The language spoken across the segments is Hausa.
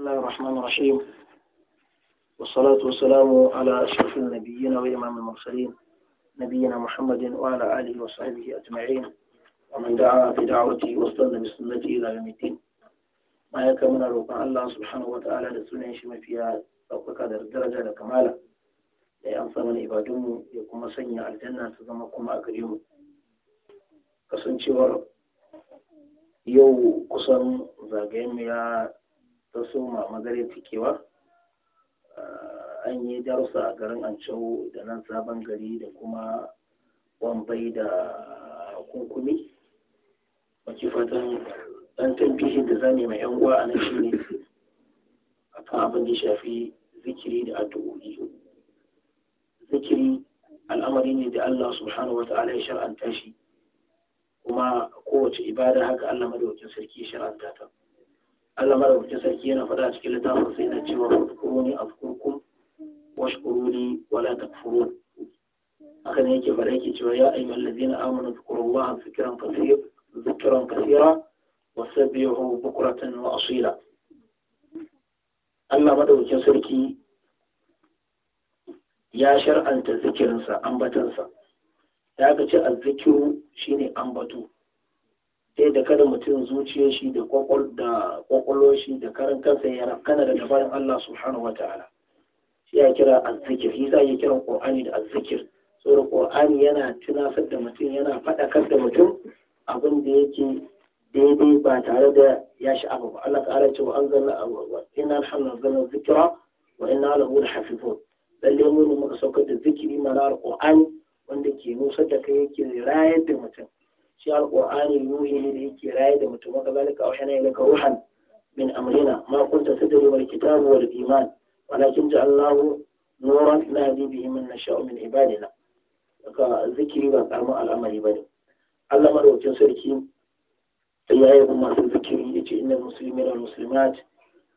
بسم الله الرحمن الرحيم والصلاة والسلام على أشرف النبيين وإمام المرسلين نبينا محمد وعلى آله وصحبه أجمعين ومن دعا بدعوته واستنى بسنته إلى يوم الدين ما يكمن روقا الله سبحانه وتعالى لسنة شما فيها ɗaukaka da daraja da kamala da ya amsa mana ibadunmu ya kuma sanya aljanna su zama kuma a gare mu kasancewar yau kusan zagayen ya ta soma magarin cikewa an yi darussa a garin ancewo da nan sabon gari da kuma wambai da kunkumi wacce fatan ɗan tambihin da zane mai yan a nan shi ne a kan abin da shafi zikiri da addu'o'i zikiri al'amari ne da Allah subhanahu wa ta'ala ya shar'anta shi kuma kowace ibada haka Allah madawacin sarki shar'anta ta ta Allah madaukakin sarki yana faɗa cikin littafin sai na cewa fadkuruni afkurkum washkuruni wala takfurun haka ne yake faɗa yake cewa ya ayyuhal ladzina amanu zkurullaha zikran kaseer zikran kaseera wasabbihu bukratan wa asila Allah madaukakin sarki ya shar'anta zikirinsa ambatansa ya ga ce azzikiru shine ambato sai da kada mutum zuciyar shi da kwakwalwar shi da karan kansa ya rafkana da bayan Allah subhanahu wa ta'ala shi ya kira azzikir shi ya kira qur'ani da azzikir saboda qur'ani yana tunasar da mutum yana faɗakar da mutum abin da yake daidai ba tare da ya sha'afa ba Allah ta'ala ce wa a wa inna alhamdulillah zikra wa inna lahu lahafizun lalle mun muka saukar da zikiri mana alqur'ani wanda ke nusar da kai yake rayar da mutum shi alƙur'ani ruhi ne da yake raye da mutum wa kazalika auhana ilaka ruhan min amrina ma kunta tadri wal kitabu wal iman walakin ja'alnahu nuran nahdi bihi man nasha'u min ibadina daga zikiri ba karamin al'amari ba ne Allah madaukakin sarki ya yi kuma masu zikiri ya ce inda musulmi da musulmat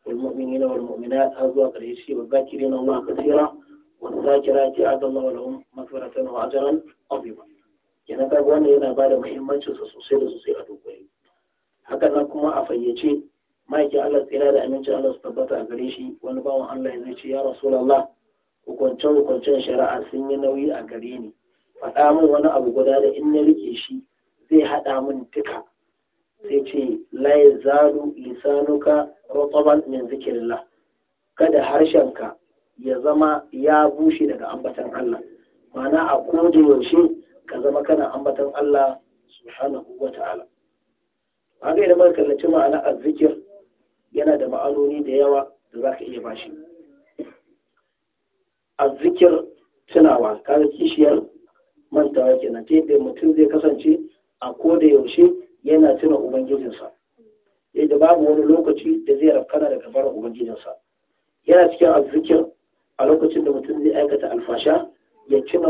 والمؤمنين والمؤمنات أزواج الهشي والذاكرين الله كثيرا والذاكرات أعد الله لهم مغفرة وأجرا عظيما kenan kaga wannan yana ba da muhimmancinsa sosai da sosai a dogari haka nan kuma a fayyace ma'aikin Allah tsira da aminci Allah su tabbata a gare shi wani bawan Allah ya ce ya rasulallah hukuncen hukuncen shari'a sun yi nauyi a gare ni faɗa min wani abu guda da in na rike shi zai haɗa min duka sai ce la yazalu lisanuka rataban min zikirillah kada harshenka ya zama ya bushe daga ambaton Allah ma'ana a koda yaushe ka zama kana ambatan Allah subhanahu wa ta'ala haka idan muka kallaci ma'ana arzikir yana da ma'anoni da yawa da za ka iya bashi arzikir tunawa kaga kishiyar mantawa na ta yadda mutum zai kasance a koda yaushe yana tuna ubangijinsa yadda babu wani lokaci da zai rafkana da fara ubangijinsa yana cikin arzikir a lokacin da mutum zai aikata alfasha ya cina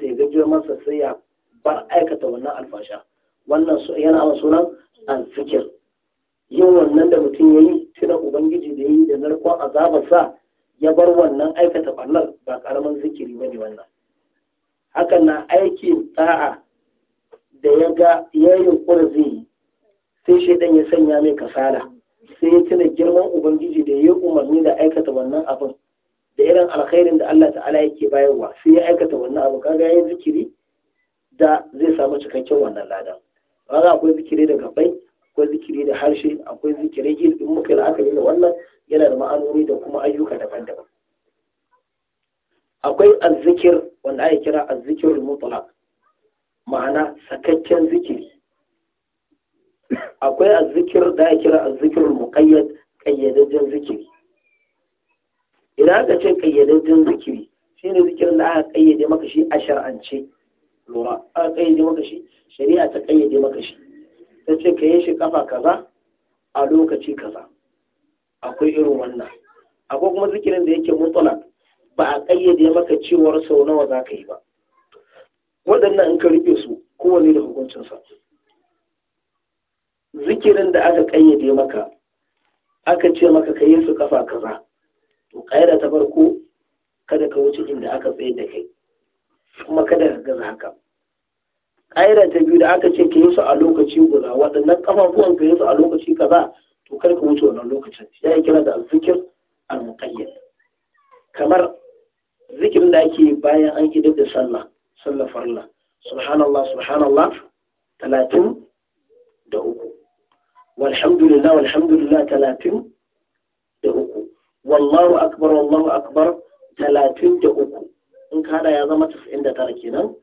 sai ya gajiyar masa sai ya bar aikata wannan alfasha wannan yana wa sunan alfikir yin wannan da mutum ya yi tuna ubangiji da yi da narkon azabarsa ya bar wannan aikata ɓarnar ba ƙaramin zikiri ba ne wannan hakan na aiki ta'a da ya ga ya zai yi sai shaidan ya sanya mai kasala sai ya tuna girman ubangiji da ya yi umarni da aikata wannan abin da irin alkhairin da Allah ta'ala yake bayarwa sai ya aikata wannan abu kaga yayin zikiri da zai samu cikakken wannan ladan kaga akwai zikiri da gabai akwai zikiri da harshe akwai zikiri in muka yi la'akari da wannan yana da ma'anoni da kuma ayyuka daban-daban akwai azzikir wanda ake kira azzikirul mutlaq ma'ana sakakken zikiri akwai azzikir da ake kira azzikirul muqayyad kayyadajjen zikiri idan aka ce kayyadaddin zikiri shi ne zikirin da aka kayyade maka shi a shar'ance lura aka kayyade maka shi shari'a ta kayyade maka shi ta ce ka yi shi kafa kaza a lokaci kaza akwai irin wannan akwai kuma zikirin da yake mutlak ba a kayyade maka cewar sau nawa za ka yi ba waɗannan in ka rufe su kowane da hukuncinsa zikirin da aka kayyade maka aka ce maka ka yi su kafa kaza to kaida ta farko kada ka wuce inda aka tsaye da kai kuma kada ka gaza haka ƙa'ida ta biyu da aka ce ka yi su a lokaci guda waɗannan ƙafafuwan ka yi su a lokaci kaza to kar ka wuce wannan lokacin ya yi kira da zikir al-muqayyad kamar zikirin da ake bayan an idar da sallah sallah farla subhanallah subhanallah talatin da uku walhamdulillah walhamdulillah talatin wallahu akbar wallahu akbar talatin da uku in ka hada ya zama tasa'in da tara kenan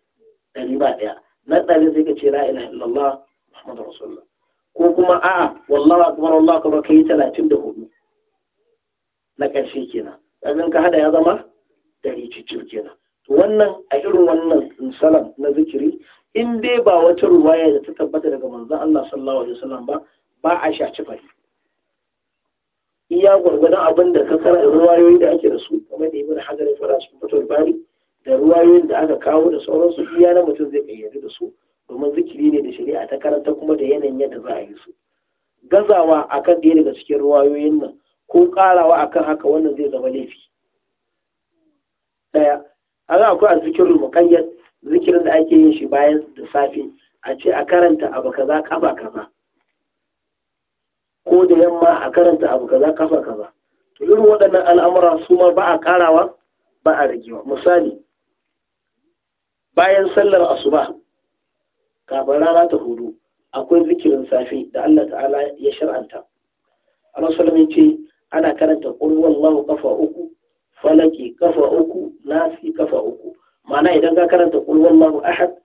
ɗari ba ɗaya na ɗari sai ka ce la ilaha illallah muhammadu rasulullah ko kuma a'a wallahu akbar wallahu akbar kai talatin da hudu na ƙarshe kenan kaga ka hada ya zama ɗari cicir kenan to wannan a irin wannan salam na zikiri in dai ba wata ruwaya da ta tabbata daga manzon Allah sallallahu alaihi wasallam ba ba a shaci fari iya gwargwadon abin da ka kara ruwayoyi da ake da su kuma da ibn hajar ya fara su fatul bari da ruwayoyin da aka kawo da sauransu iya na mutum zai kayyade da su domin zikiri ne da shari'a ta karanta kuma da yanayin yadda za a yi su gazawa akan ɗaya daga cikin ruwayoyin nan ko karawa akan haka wannan zai zama laifi daya haka akwai azikirul muqayyad zikirin da ake yin shi bayan da safe a ce a karanta abu kaza kaba kaza ko da yamma a karanta abu kaza kafa kaza to irin waɗannan al'amura su ma ba a karawa ba a ragewa misali bayan sallar asuba kafin rana ta hudu akwai zikirin safe da Allah ta'ala ya shar'anta Allah sallallahu ce ana karanta qul wallahu kafa uku falaki kafa uku nasi kafa uku ma'ana idan ka karanta qul wallahu ahad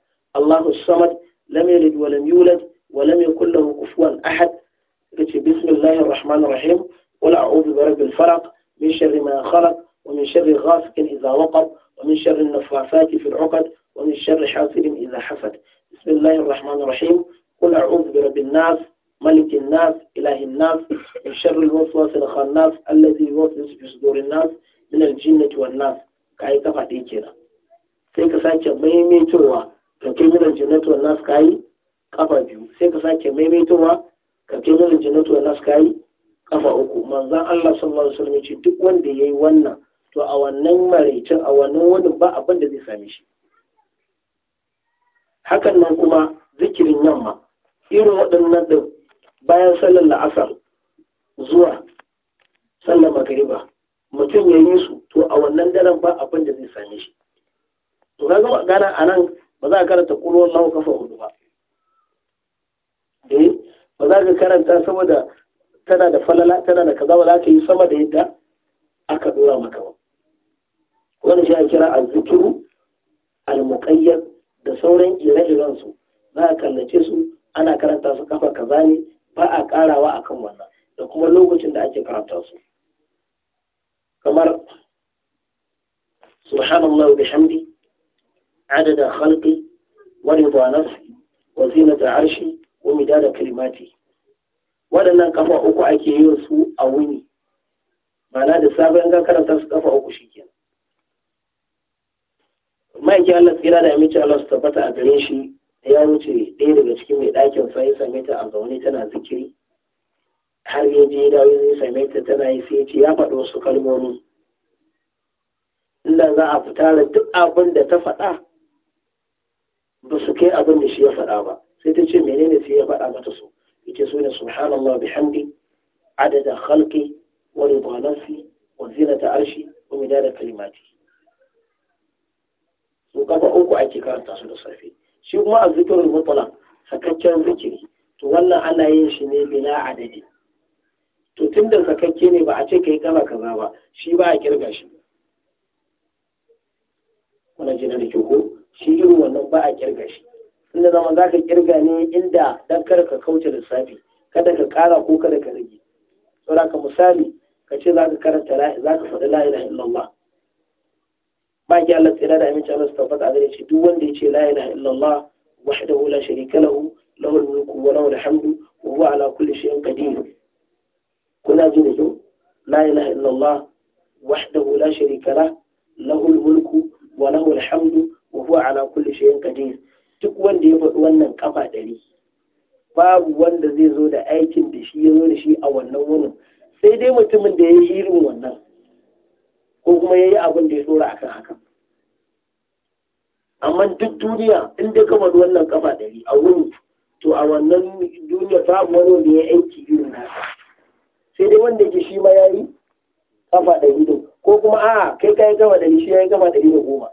ta faɗa ba su kai abin da shi ya faɗa ba sai ta ce menene sai ya faɗa mata su yake so ne subhanallah bihamdi adada khalqi wa rida nafsi wa zinata arshi wa midada kalimati su kafa uku ake karanta su da safe shi kuma zikirin mutala sakaccen zikiri to wannan ana yin shi ne bila adadi to tun da sakakke ne ba a ce kai kaza kaza ba shi ba a kirga shi kuna jina da ko shi irin wannan ba a kirga shi inda zama za ka kirga ne inda dan kar ka kauce lissafi kada ka kara ko kada ka rage saboda ka misali ka ce za ka karanta la'i za ka faɗi la'i na illallah ba ki Allah tsira da aminci Allah su tabbata a gare shi duk wanda ya ce la'i na illallah wahdahu la sharika lahu lahu al-mulku wa lahu al-hamdu wa huwa ala kulli shay'in qadir kuna ji da kyau la ilaha illallah wahdahu la sharika lahu lahu da mulku wa lahu alhamdu wa huwa ala kulli shay'in qadir duk wanda ya faɗi wannan kafa ɗari babu wanda zai zo da aikin da shi ya zo da shi a wannan wurin sai dai mutumin da ya yi irin wannan ko kuma ya yi abin da ya tsora akan haka amma duk duniya in dai ka faɗi wannan kafa ɗari a wurin to a wannan duniya babu wani wanda ya aiki irin haka sai dai wanda ke shi ma ya yi kafa ɗari din ko kuma a kai ka kai gama da shi ya gama da da goma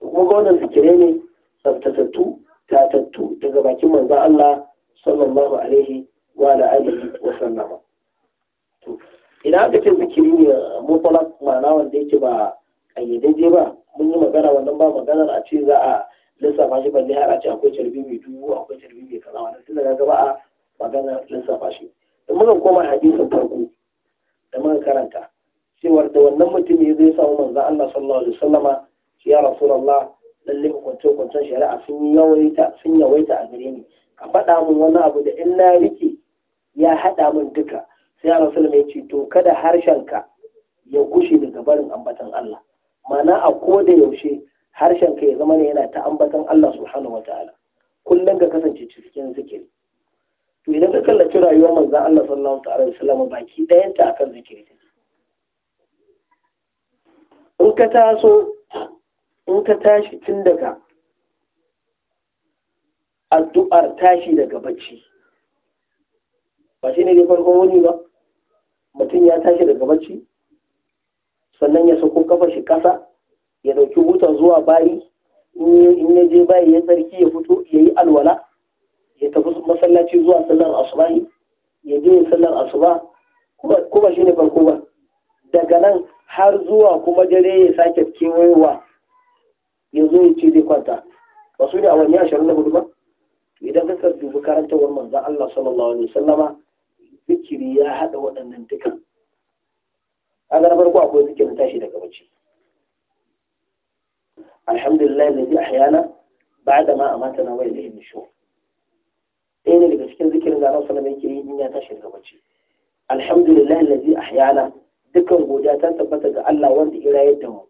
kuma ga wannan zikire ne tsaftatattu tatattu daga bakin manzon Allah sallallahu alaihi wa alihi wa sallama Ina idan aka ce zikiri ne mutlaq ma'ana wanda yake ba kayyadaje ba mun yi magana wannan ba maganar a ce za a lissafa shi balle har a ce akwai carbi mai dubu akwai carbi mai kaza wannan tunda ga ba a magana lissafa shi da muka koma hadisin farko da muka karanta cewar da wannan mutum zai samu manzo Allah sallallahu alaihi wasallama ya rasulullah lalle kwance-kwancen shari'a sun yawaita sun yawaita a gare ni ka faɗa min wani abu da in na rike ya haɗa min duka sai ya rasul ya ce to kada ka ya gushe daga barin ambatan Allah mana a koda yaushe harshen ka ya zama ne yana ta ambatan Allah subhanahu wataala kullum ka kasance cikin zikiri rayuwar manzan Allah sallallahu alaihi wasallam baki ɗayan ta akan zikiri in ka taso in ka tashi tun daga addu'ar tashi daga bacci ba shi ne dai farkon wani ba mutum ya tashi daga bacci sannan ya sako kafa shi ƙasa ya ɗauki wuta zuwa bayi in ya je bayi ya tsarki ya fito ya yi alwala ya tafi masallaci zuwa sallar asubahi ya je sallar asuba kuma shine farko ba daga nan har zuwa kuma dare ya sake kewayowa ya zo ya ce zai kwanta ba su ne a wani ashirin na hudu ba idan ka dubi karantawar manzan Allah sallallahu alaihi wasallama zikiri ya haɗa waɗannan duka a na farko akwai zikirin tashi daga bacci alhamdulillah da zai ahyana ba da ma a mata na wai da yin shu ɗaya da Annabi sallallahu yake yi ya tashi daga bacci alhamdulillah allazi ahyana dukkan godiya ta tabbata ga Allah wanda ya rayar da mu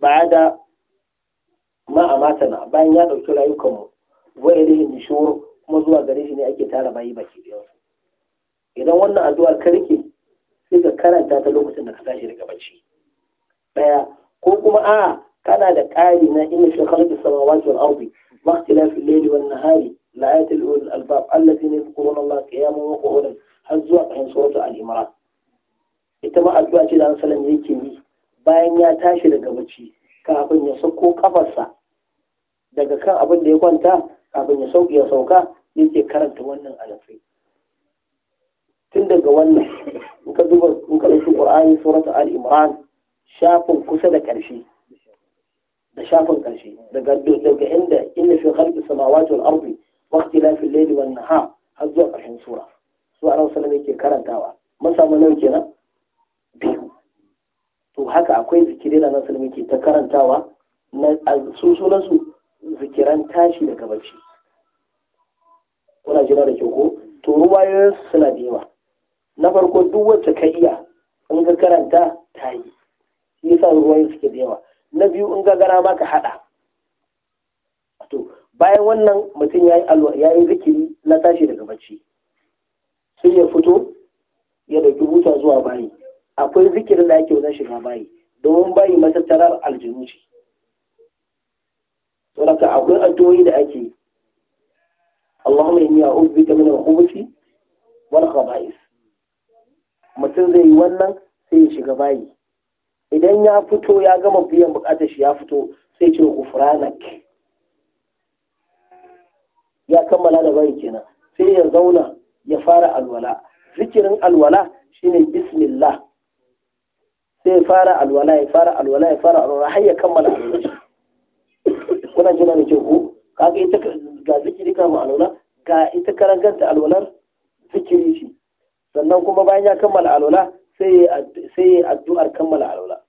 ba da ma na bayan ya dauki rayukan mu wa ilayhi nushur kuma zuwa gare shi ne ake tara bayi baki da idan wannan addu'ar ka rike sai ka karanta ta lokacin da ka tashi daga bacci daya ko kuma a kana da ƙari na inna shi khalaqi samawati wal ardi ma layli wan nahari الآيات الأولى الباب الذين يذكرون الله قياما وقعودا har zuwa ƙarshen suratul al-imran ita ma سلم يكي da an salam yake yi bayan ya tashi daga bacci kafin ya sauko kafarsa daga kan abin da ya kwanta kafin ya sauki ya sauka yake karanta wannan alafai tun daga wannan in ka duba in ka ɗauki qur'ani suratul al-imran shafin kusa da karshe da shafin karshe daga daga inda inna fi khalqis samawati wal ardi واختلاف الليل ha? har zuwa ƙarshen sura su a rausa ne ke karantawa mun samu nan kenan biyu to haka akwai zikirai da nasu ke ta karantawa na su sunan su zikiran tashi daga bacci kuna jira da ke ko to ruwayoyin suna da yawa na farko duk wacce ka iya in ga karanta ta yi shi yasa ruwayoyin suke da yawa na biyu in ga gara ma ka haɗa bayan wannan mutum ya yi zikiri na tashi daga bacci sai ya fito ya dauki huta zuwa bayi akwai zikirin da ake wajen shiga bayi domin bayi matattarar aljinu ce saboda akwai addu'o'i da ake yi Allahumma inni a'udhu bika min al-khubuthi wal khaba'is mutum zai yi wannan sai ya shiga bayi idan ya fito ya gama biyan bukatar shi ya fito sai ce gufranak ya kammala da bayan kenan sai ya zauna ya fara alwala zikirin alwala shine bismillah sai ya fara alwala ya fara alwala ya fara alwala har ya kammala alwala kuna jina da ku kaga ita ga zikiri kama alwala ga ita karan kanta alwalar zikiri shi sannan kuma bayan ya kammala alwala sai ya addu'ar kammala alwala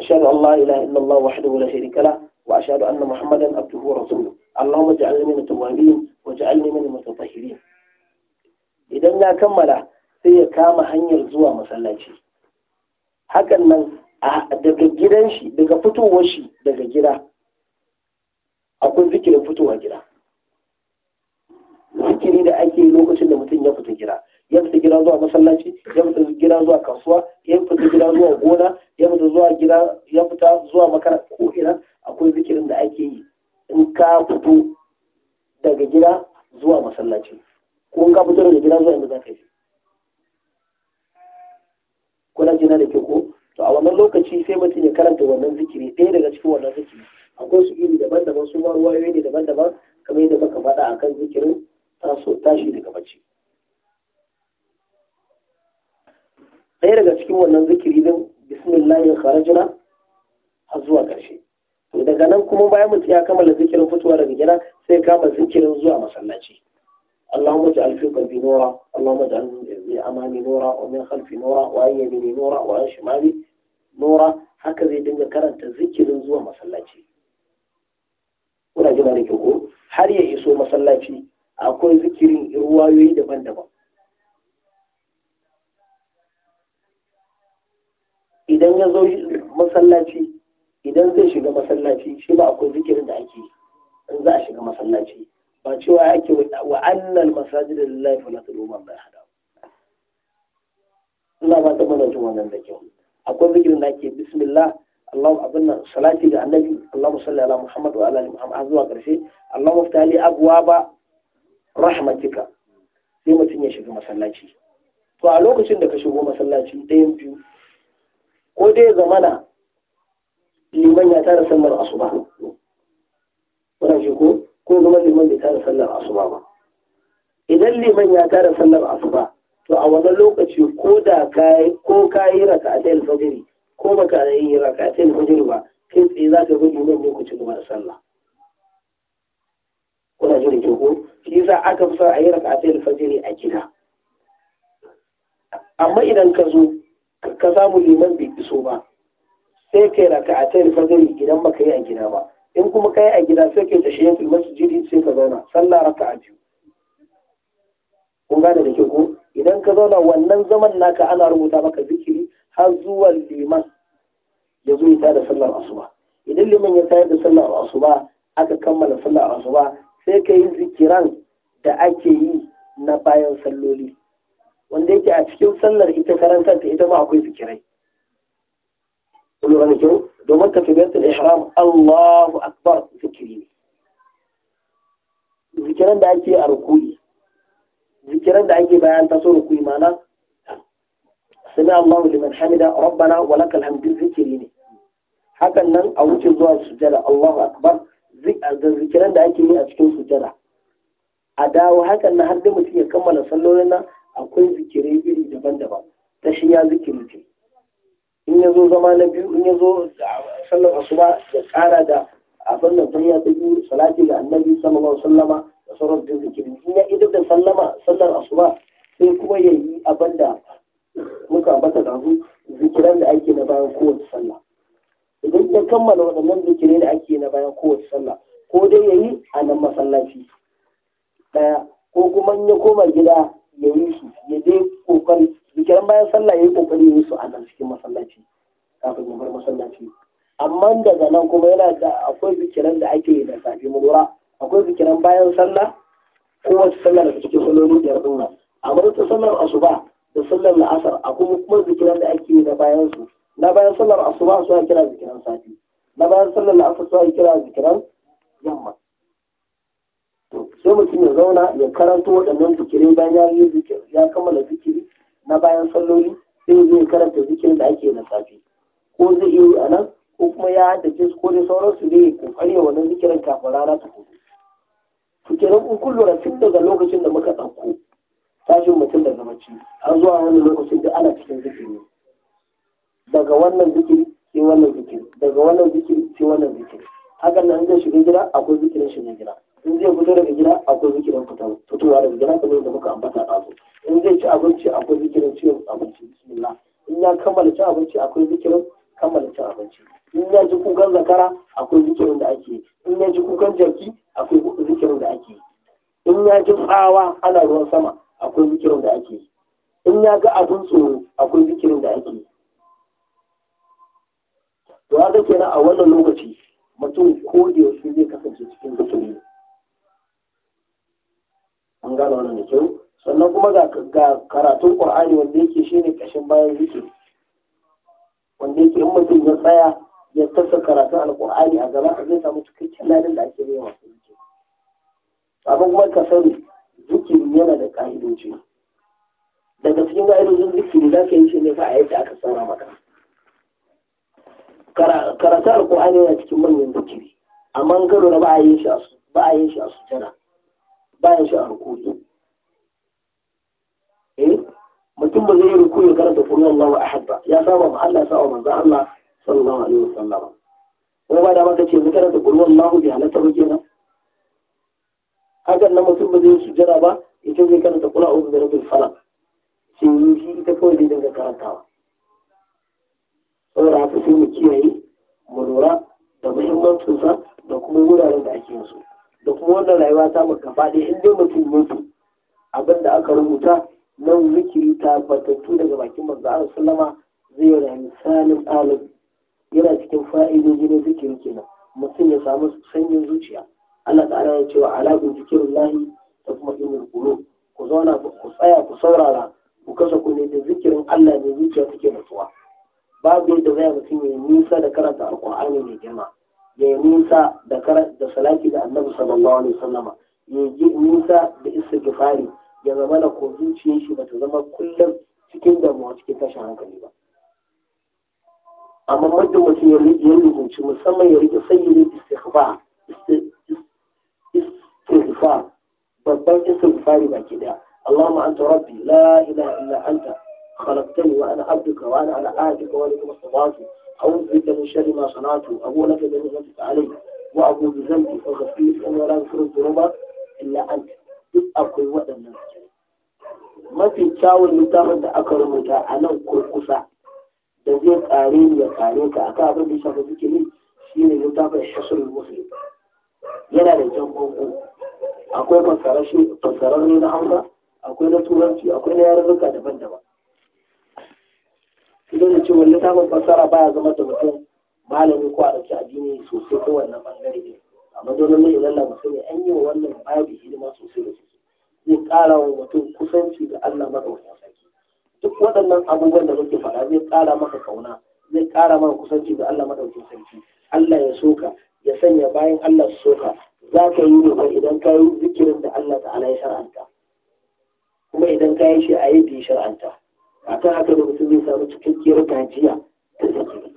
ashhadu an la ilaha illallah wahdahu la sharika la wa ashhadu anna muhammadan abduhu wa Allahumma ja'alni min tawabin wa ja'alni min idan ya kammala sai ya kama hanyar zuwa masallaci hakan nan daga gidan shi daga fitowar shi daga gida akwai zikirin fitowa gida zikiri da ake lokacin da mutum ya fita gida ya fita gida zuwa masallaci ya fita gida zuwa kasuwa ya fita gida zuwa gona ya fita zuwa gida ya fita zuwa makaranta ko ina akwai zikirin da ake yi in ka fito daga gida zuwa masallaci ko in ka fito daga gida zuwa inda za ka yi na jina da ke ko to a wannan lokaci sai mutum ya karanta wannan zikiri ɗaya daga cikin wannan zikiri akwai su iri daban-daban su ma ruwa ne daban-daban kamar yadda muka faɗa a kan zikirin tashi daga bacci ɗaya daga cikin wannan zikiri din bismillah ya kharajna har zuwa ƙarshe kuma bayan mutum ya kammala zikirin fitowa daga gida sai kama zikirin zuwa masallaci اللهم اجعل في قلبي نورا اللهم اجعل من امامي نورا ومن خلفي نورا وعن يميني نورا وعن شمالي Haka zai dinga karanta zikirin zuwa masallaci kuna gina da ko har ya iso masallaci akwai zikirin ruwayoyi daban-daban idan ya zo masallaci idan zai shiga masallaci shi ba akwai zikirin da ake in za a shiga masallaci ba cewa ake wa annal masajid lillahi fala tad'u ma ba hada Allah ba ta mana jin wannan da kyau akwai zikirin da ake bismillah Allahu abin nan salati ga annabi Allahu salli ala Muhammad wa ala Muhammad zuwa karshe muftali abwa ba rahmatika sai mutum ya shiga masallaci to a lokacin da ka shigo masallaci ɗayan biyu ko dai zamana liman ya tara sallar asuba wannan shi ko ko kuma liman bai tara sallar asuba ba idan liman ya tara sallar asuba to a wannan lokaci ko da kai ko kai raka'atul fajr ko baka yi raka'atul fajr ba kai tsaye za ka gudu liman ne ku ci gaba da sallah kuna jin ke ko shi yasa aka fi son a yi raka'atul fajr a gida amma idan ka zo ka samu liman bai iso ba sai kai raka'atai fajr idan baka yi a gida ba in kuma ka yi a gida sai kai tashiyatul masjidi sai ka zauna sallah a biyu kun gane da ke ko idan ka zauna wannan zaman naka ana rubuta maka zikiri har zuwa liman ya zo ya da sallar asuba idan liman ya tayar da sallar asuba aka kammala sallar asuba sai ka yi zikiran da ake yi na bayan salloli wanda yake a cikin sallar ita karanta ita ma akwai zikirai قلوا أنا جو دوما تكبيرة الإحرام الله أكبر ذكري zikiran da ake a rukuni zikiran da ake bayan taso rukuni mana sami Allahu liman hamida rabbana wa lakal hamdu zikiri ne hakan nan a wuce zuwa sujada Allahu akbar zikiran da ake yi a cikin sujada a dawo hakan nan har da mutum ya kammala sallolin akwai zikirai iri daban-daban ta shi ya zikiri ce in ya zo zama na biyu in ya zo sallar asuba ya kara da abin da tayya ta biyu salati ga annabi sallallahu sallama da sauran da zikiri in ya idar da sallama sallar asuba sai kuma ya yi abin da muka ambata da su zikiran da ake na bayan kowace sallah idan ya kammala waɗannan zikirai da ake na bayan kowace sallah ko dai ya yi a nan masallaci ɗaya ko kuma in ya koma gida ya yi su ya je kokari zikiran bayan sallah ya yi kokari ya yi su a nan cikin masallaci kafin ya bar masallaci amma daga nan kuma yana da akwai zikiran da ake yi da safe mu akwai zikiran bayan sallah ko wace sallah daga cikin salloli biyar din nan amma ita sallar asuba da sallar la'asar akwai kuma zikiran da ake yi da bayan su na bayan sallar asuba su kira zikiran safe na bayan sallar la'asar su kira zikiran yamma sai mutum ya zauna ya karanta waɗannan zikiri bayan ya yi zikiri ya kammala zikiri na bayan salloli sai ya zai karanta zikirin da ake na safe ko zai yi a nan ko kuma ya haɗa su ko dai su zai kokari ya wannan zikirin kafin rana ta hudu to kenan in kun lura tun daga lokacin da muka ɗauko tashin mutum daga bacci an zuwa wani lokacin da ana cikin zikiri daga wannan zikiri sai wannan zikiri daga wannan zikiri sai wannan zikiri hakan nan zai shiga gida akwai zikirin shiga gida in zai fito daga gida akwai zikirin fitowa daga gida kamar yadda muka ambata a su in zai ci abinci akwai zikirin ciwon abinci bismillah in ya kammala cin abinci akwai zikirin kammala cin abinci in ya ji kukan zakara akwai zikirin da ake in ya ji kukan jaki akwai zikirin da ake in ya ji tsawa ana ruwan sama akwai zikirin da ake in ya ga abin tsoro akwai zikirin da ake to haka kenan a wannan lokaci mutum ko da yaushe zai kasance cikin zikirin an gane wannan da kyau sannan kuma ga karatun ƙwar'ani wanda yake ne ƙashin bayan zikiri wanda yake in mutum ya tsaya ya tasa karatun alƙur'ani a gaba zai samu cikakken ladin da ake yawa abin kuma ka sani zikiri yana da ƙa'idoji daga cikin ka'idojin zikiri za ka yi shi ne fa a yadda aka tsara maka karatun alƙur'ani yana cikin manyan zikiri amma in ka lura ba a yin shi a su sujjana Bayan shi a rukuyi eh mutum ba zai ruku ya karanta qul huwallahu ahad ba ya saba ma Allah saba manzan Allah sallallahu alaihi sallama. ko ba da maka ce mu karanta qul Allah bi halatta ruke na? hakan nan mutum ba zai sujjara ba ita zai karanta qul a'udhu bi rabbil falaq sai yi ita kawai zai dinga karantawa saboda haka sai mu kiyaye mu lura da muhimmancinsa da kuma wuraren da ake yin su da kuma wannan rayuwa ta gaba ɗaya in dai mutum mutu abin da aka rubuta nan zikiri tabbatattu daga bakin manzo Allah sallama zai yi misalin alim yana cikin fa'idoji na zikiri kenan mutum ya samu sanyin zuciya Allah ta'ala ya ce wa alaƙin zikirin lahi da kuma ilmin qulub ku zauna ku tsaya ku saurara ku kasa kunne da zikirin Allah ne zuciya take nutsuwa babu yadda zai mutum ya nisa da karanta alqur'ani mai girma ya nisa da da salati ga annabi sallallahu alaihi sallama, ya yi nisa da istighfari ya zama da ko zuciyar shi ta zama kullum cikin damuwa cikin tashin hankali ba amma muddin mutum ya rubuci musamman ya rike sayyirin istighfar istighfar babban istighfari baki daya اللهم أنت ربي لا إله إلا أنت خلقتني وأنا عبدك وأنا على عهدك وأنا استطعت أعوذ بك من شر ما أبو لك بنعمتك علي وأبو بذنبي لا الذنوب إلا أنت duk akwai waɗannan mafi kyawun littafin da aka rubuta a nan kurkusa da zai ƙare ni ya ƙare ka aka abin da shafa shi ne littafin shasul yana da jan akwai na hausa akwai na turanci akwai na yarurruka daban-daban idan ce wani samun fassara baya zama da mutum malami ko a ɗauki addini sosai ko wannan ɓangare ne amma dole ne idan na mutum ya an yi wa wannan babu hidima sosai da sosai zai ƙara wa mutum kusanci da Allah madaukakin sarki duk waɗannan abubuwan da muke faɗa zai ƙara maka kauna zai ƙara maka kusanci da Allah madaukakin sarki Allah ya soka ya sanya bayan Allah su soka za ka yi ne idan ka yi zikirin da Allah ta'ala ya shar'anta kuma idan ka yi shi a yi bi shar'anta a kan haka da mutum zai samu cikakkiyar gajiya ta zikiri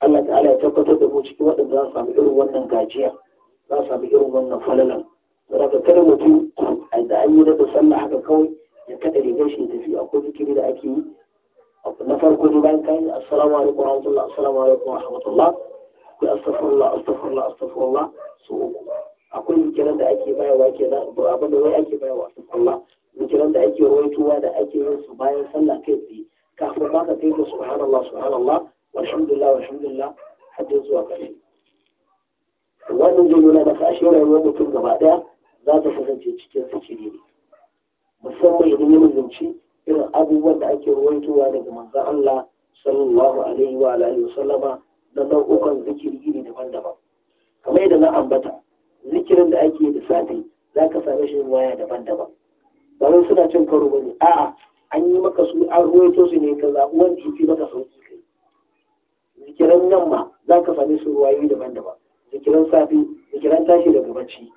Allah ta'ala ya tabbatar da mu cikin waɗanda za su samu irin wannan gajiya za su samu irin wannan falalan Da saboda kada mutum da an yi da sallah haka kawai ya kada rigar shi tafi akwai zikiri da ake yi na farko ne bayan kayan assalamu alaikum wa rahmatullah assalamu alaikum wa rahmatullah akwai astaghfirullah astaghfirullah astaghfirullah su uku akwai zikiran da ake bayarwa kenan abin da wai ake bayarwa astaghfirullah zikiran da ake rawaitowa da ake yin su bayan sallah kai tsaye kafin ma ka kai ka subhanallah subhanallah walhamdulillah walhamdulillah har zuwa ƙarshe wannan zai nuna da ashe rayuwar mutum gaba ɗaya za ta kasance cikin zikiri ne musamman idan ya mutunci irin abubuwan da ake rawaitowa daga manzan Allah sallallahu alaihi wa alihi na nau'ukan zikiri iri daban-daban kamar yadda na ambata zikirin da ake da safe za ka same shi waya daban-daban ba wai suna cin karo ba ne a'a an yi maka su an ruwaito su ne ka zaɓuwan wani fi maka sauki kai zikiran nan ma za ka same su ruwayoyi daban-daban zikiran safi zikiran tashi daga bacci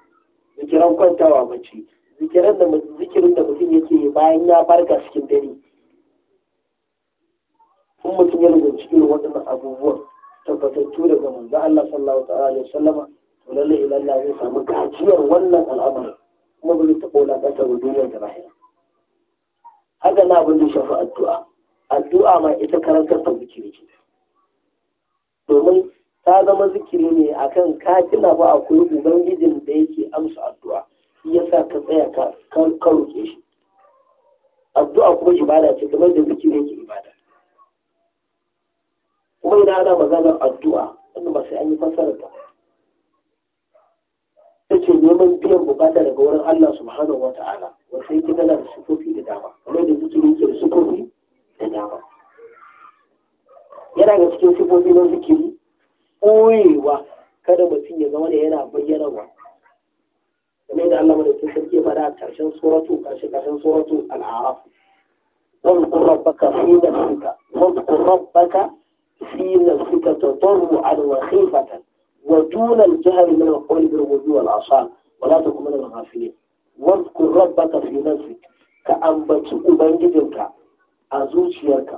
zikiran kwantawa bacci zikiran da zikirin da mutum yake yi bayan ya farka cikin dare in mutum ya rubuta irin waɗannan abubuwan tabbatattu daga manzo Allah sallallahu alaihi wasallama to lalle ilallah zai samu gajiyar wannan al'amarin kuma ba zai taɓa wulaƙanta ba duniyar da lahira haka na abin da shafi addu'a addu'a ma ita karantar ta zikiri ce domin ta zama zikiri ne akan ka tuna ba akwai ubangijin da yake amsa addu'a shi sa ka tsaya ka karuke shi addu'a kuma ibada ce kamar da zikiri yake ibada kuma idan ana maganar addu'a wanda ba sai an yi fassarar ta muke neman biyan bukata daga wurin Allah subhanahu wa ta'ala wa sai ki da sufofi da dama kamar da zikiri yake da sufofi da dama yana ga cikin sufofi na zikiri koyewa kada mutum ya zama da yana bayyanawa kamar da Allah madaukakin sarki ya faɗa a ƙarshen suratu ƙarshen ƙarshen suratu al'araf واذكر ربك في نفسك واذكر ربك في نفسك al-wakhifatan ودون الجهل من القول بالوضوء والعصا ولا تكن من الغافلين واذكر ربك في نفسك كأنبت أبنجدك أزوجيك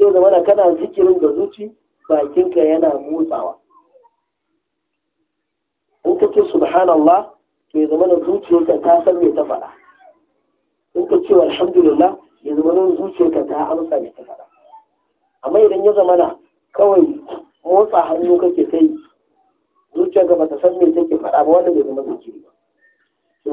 إذا وانا كان ذكر بزوجي bakinka yana motsawa in subhanallah to ya zama zuciyarka ta san ta faɗa in ka ce alhamdulillah ya zuciyarka ta amsa me ta faɗa amma idan ya zama na kawai motsa hannu kake kai zuciyarka ba ta san me take faɗa ba wanda bai zama zikiri ba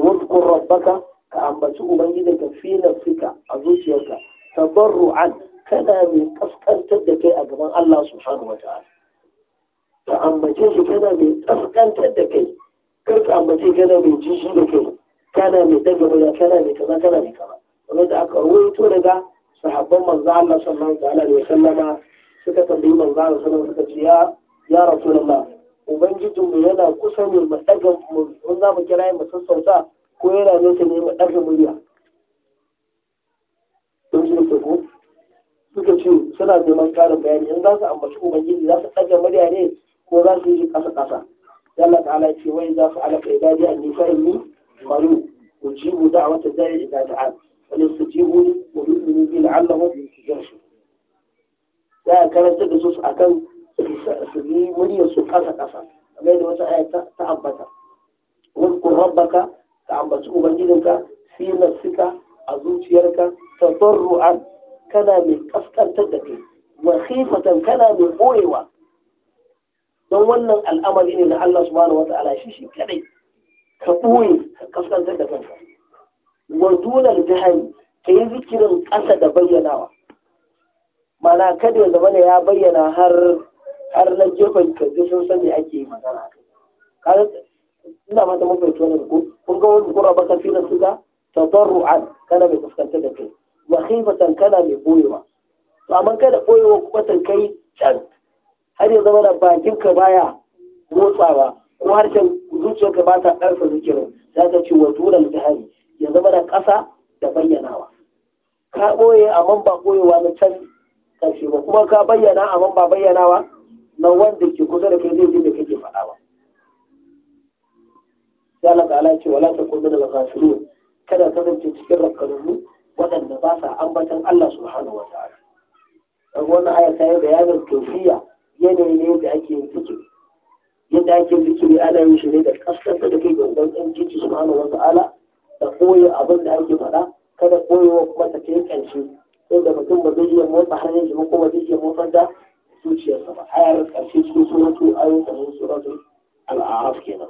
wadkur rabbaka ka ambaci ubangijinka fi nafsika a zuciyarka tabarru'an kana mai kaskantar da kai a gaban Allah subhanahu wa ta'ala ka ambace shi kana mai kaskantar da kai kar ka ambace kana mai jishi da kai kana mai daga murya kana mai kaza kana mai kaza kamar da aka rawaito daga sahabban manzo Allah sallallahu alaihi wa sallama suka tambayi manzo Allah sallallahu alaihi wa suka ce ya ya rasulullah ubangijinmu yana kusa ne mu ɗaga mu za mu kira mu sassauta ko yana nesa ne mu ɗaga murya suka ce suna neman ƙarin bayani in za su ambaci ubangiji za su ɗaga murya ne ko za su yi ƙasa ƙasa yalla ta'ala ce wai za su alaka ibadi an nisa yi maru ujibu da'wata wani ila ta'ala wa yastajibu wa yu'minu bi ji su. ya karanta da su akan su bi muryar su kasa kasa kamar da wata aya ta ambata wadkur rabbaka ka ambaci ubangijinka fi nafsika a zuciyarka tadarru'an kana mai kaskantar da kai wa khifatan kana mai boyewa don wannan al'amari ne na Allah subhanahu wata'ala shi shi kadai ka boye ka kaskantar da kanka wa dunal jahari ka yi zikirin ƙasa da bayyanawa mana kada ya zama ya bayyana har har na jefan kanzu sun san me ake yi magana a kai ina ma ta mafarki wani ko kun ga wani kura baka fi na suka tadarru'an kana mai fuskanta da kai wa kana mai boyewa to amma kada boyewa kuma ta kai can har ya zama da ka baya motsawa ko harshen ka ba ta ɗarfa zikirin za ta ce wa duran jihari ya zama da ƙasa da bayyanawa ka ɓoye amma ba ɓoyewa na can ƙarshe ba kuma ka bayyana amma ba bayyanawa na wanda ke kusa da kai zai ji da kake faɗa ba Ya Allah ta'ala ya ce wala da min al ne. kada ka zance cikin rakkarunmu waɗanda ba sa ambatan Allah subhanahu wa ta'ala dan wannan aya ta yi bayanin tofiya yanayi ne yadda ake yin zikiri yadda ake zikiri ana yin shi ne da kaskanta da kai ga ubangiji subhanahu wa ta'ala da koyi abin da ake faɗa kada koyewa kuma ta kai ƙarshe sai da mutum ba zai iya motsa hannun shi ba kuma zai iya motsa da zuciyarsa ba ayar ƙarshe cikin suratu ayoyin kamar suratu kenan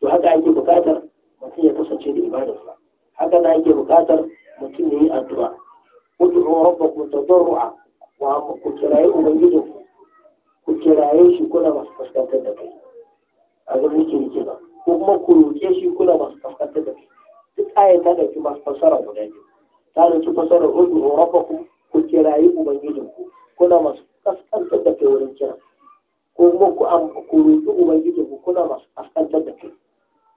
to haka ake buƙatar mutum ya kasance da haka na ake buƙatar mutum ya yi addu'a ud'u rabbakum tadarrua wa ku kiraye ku shi kuna masu da kai a ko kuma shi kuna masu da kai duk masu ubangijinku kuna masu kaskantar da kai wurin kira ko muku an ku roƙi ubangiji ku kuna masu kaskantar da kai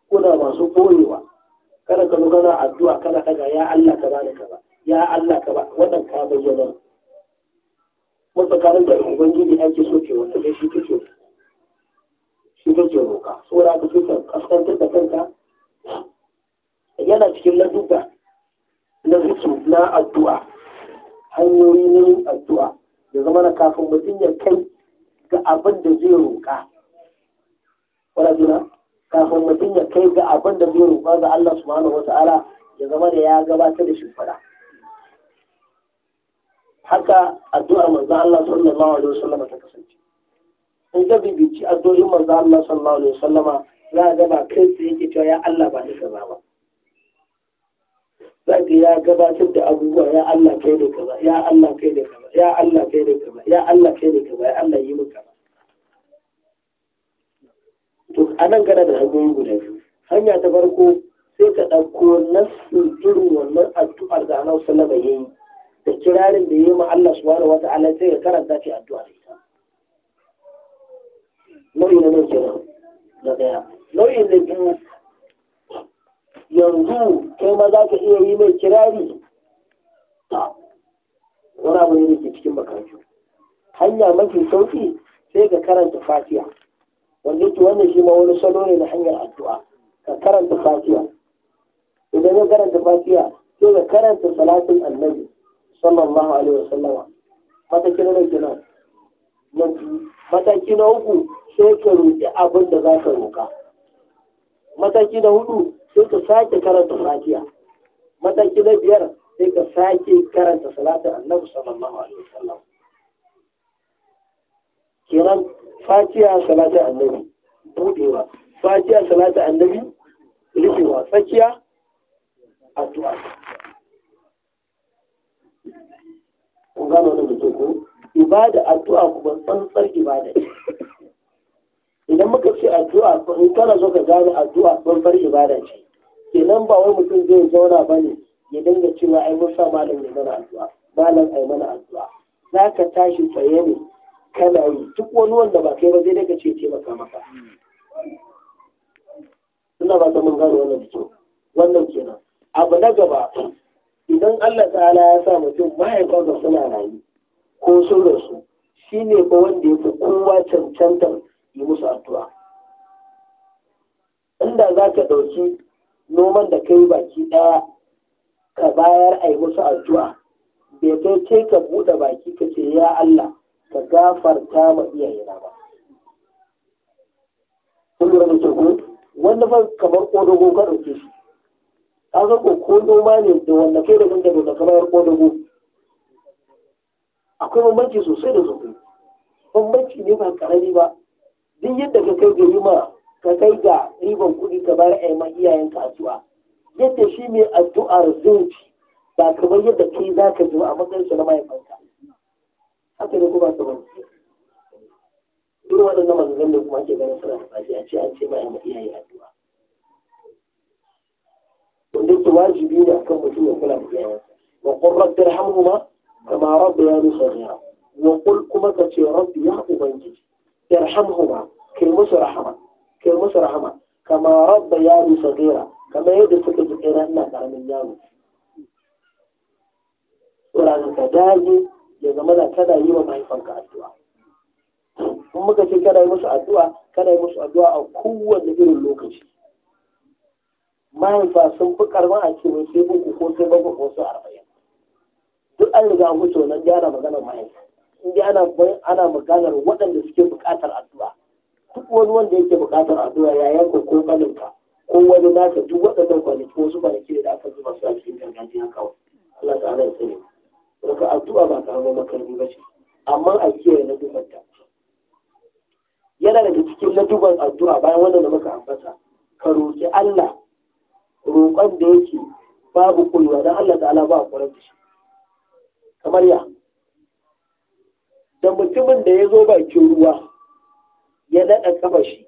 kuna masu boyewa kada ka zo kana addu'a ka ga ya Allah ka bani kaza ya Allah ka ba wannan ka bayyana mun tsakanin da ubangiji ake so ke wanda shi kake shi kake roƙa saboda ka fita kaskantar da kanka yana cikin laduba na zikir na addu'a hanyoyi ne yin addu'a ya zama na kafin mutum ya kai ga abin da zai roƙa wala juna kafin mutum ya kai ga abin da zai roƙa ga Allah subhanahu wata'ala ya zama da ya gabatar da shimfiɗa haka addu'ar manzan Allah sallallahu alaihi sallama ta kasance in ka bibici addu'ar manzan Allah sallallahu alaihi wasallam za ga gaba kai tsaye yake cewa ya Allah ba ni kaza ba zaka ya gabatar da abubuwa ya Allah kai da kaza ya Allah kai da kaza ya Allah kai da kaza ya Allah kai da kaza ya Allah yi maka to anan gana da hanyoyi guda biyu hanya ta farko sai ka ɗauko nassin irin wannan addu'ar da Annabi sallallahu alaihi wasallam da kirarin da yayi ma Allah subhanahu wata'ala sai ka karanta shi addu'a da ita nau'i na nan kenan na daya nau'i na biyu yanzu kai ma za ka iya yi mai kirari ta wani abu ne da ke cikin makarantu hanya mafi sauki sai ka karanta fatiya wanda yake wannan shi ma wani salo ne na hanyar addu'a ka karanta fatiya idan ka karanta fatiya sai ka karanta salatin annabi sallallahu alaihi wasallama mataki na kenan mataki na uku sai ka roƙi abin da za ka roƙa mataki na hudu sai ka sake karanta Fatiya. mataki na biyar sai ka sake karanta salatar annabi sallallahu alaihi wasallam kiran Fatiya, salatar annabi budewa fatiha salatar annabi rufewa tsakiya addu'a kun gano da ko ibada addu'a kuma tsantsar ibada idan muka ce addu'a in kana so ka gane addu'a babbar ibada ce kenan ba wai mutum zai zauna ba ne ya dinga cewa ai mun sa malam ya mana addu'a malam ai mana addu'a za ka tashi tsaye ne kana yi duk wani wanda ba kai ba zai daga ce taimaka maka suna ba ta mun gano wannan da kyau wannan kenan abu na gaba idan Allah ta'ala ya sa mutum mahaifansa suna rayu ko sun rasu shi ne ba wanda ya fi kowa cancantar yi musu addu'a inda za ka ɗauki noman da kai baki ɗaya ka bayar a yi musu addu'a bai kai ce ka buɗe baki ka ce ya Allah ka gafarta ma iyayena ba kun lura da teku wanda fa kamar ƙodogo ka ɗauke shi ka ga ko ko noma ne da wanda kai da kanka da kamar ƙodogo akwai bambanci sosai da zuwa. bambanci ne ba ƙarami ba duk yadda ka kai gari ma ka kai ga riban kuɗi ka bayar a ma iyayenka kasuwa yadda shi mai addu'ar zuci ba kamar yadda kai za ka zo a matsayin su na mahaifanka haka ne kuma su bane duk waɗannan maganganun da kuma ke ganin suna da faɗi a ce an ce ma ma iyaye addu'a wanda ke wajibi ne akan mutum ya kula da iyayensa wa qur rabbi irhamhuma kama rabbayani saghira wa qul kuma ka ce rabbi ya ubangiji yarhamhuma kai musu rahama kai musu rahama kama rabba yaro sagira kamar yadda suka ji kai ina karamin yaro tsoron ka dage ya zama na kana yi wa mahaifanka addu'a in muka ce kana yi musu addu'a a kowane irin lokaci mahaifa sun fi karma a sai uku ko sai bakwai ko sai arba'in duk an riga an wuce wannan gyara maganar mahaifa inda ana ana maganar waɗanda suke buƙatar addu'a duk wani wanda yake buƙatar addu'a ya yanko ko kaninka ko wani nasa duk waɗannan kwanaki wasu kwanaki da aka zuba su a cikin gargajiya kawai Allah ta hana sani daga addu'a ba karamar makarbi ba ce amma a kiyaye na duban ta yana daga cikin na duban addu'a bayan wannan da muka ambata ka roƙi Allah roƙon da yake babu kulwa dan Allah ta'ala ba a kwarar da shi kamar ya da mutumin da ya zo bakin ruwa ya naɗa kafa shi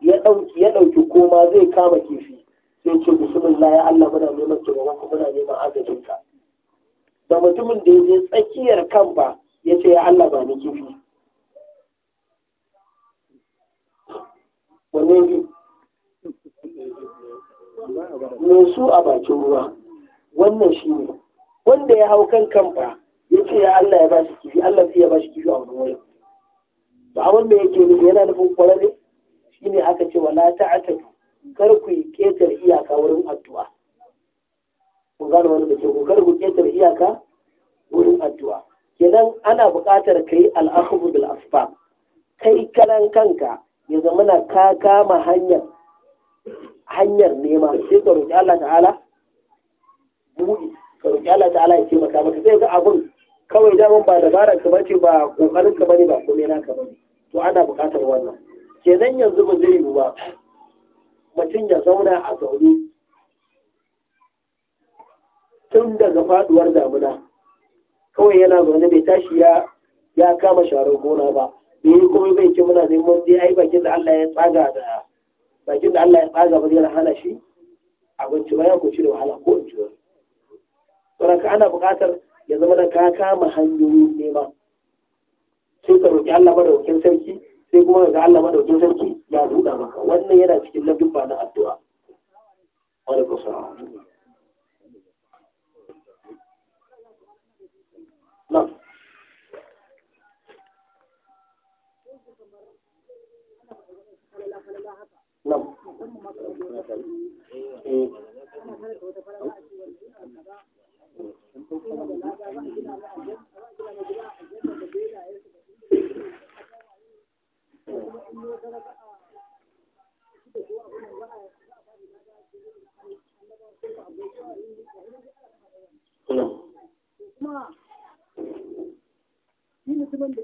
ya ɗauki koma zai kama kifi sai ce bismillah ya Allah muna neman taimakon ku muna neman agajin ka da mutumin da ya je tsakiyar kan ba ya ce ya Allah ba ni kifi wanne ne me su a bakin ruwa wannan shi ne wanda ya hau kan kan ba ya ce ya Allah ya bashi kifi Allah zai ya bashi kifi a wani wurin to abin da yake nufi yana nufin kwararre shine aka ce wala ta'atadu kar ku ketar iyaka wurin addu'a ku gano wani da ke ku kar ku ketar iyaka wurin addu'a kenan ana buƙatar kai al'akhubu bil asbab kai kalan kanka ya zama na ka kama hanyar hanyar nema sai ka roƙi Allah ta'ala buɗi ka roƙi Allah ta'ala ya taimaka maka sai ga abun kawai daman ba dabarar ka bace ba kokarin ka bane ba komai naka bane to ana buƙatar wannan kenan yanzu ba zai yiwu ba mutum ya zauna a zaune tun daga faduwar damuna kawai yana zaune bai tashi ya ya kama sharar gona ba bai yi komai bai ce muna neman dai ai bakin da Allah ya tsaga da bakin da Allah ya tsaga ba zai hana shi abinci ba ya ku da wahala ko in ci wani ana bukatar ya zama da ka kama hanyoyin nema sai ka roƙi Allah madaukakin sarki sai kuma ga Allah madaukakin sarki ya buɗa maka wannan yana cikin ladubba na addu'a wa alaikum salam na'am نعم kuma shi mutumin da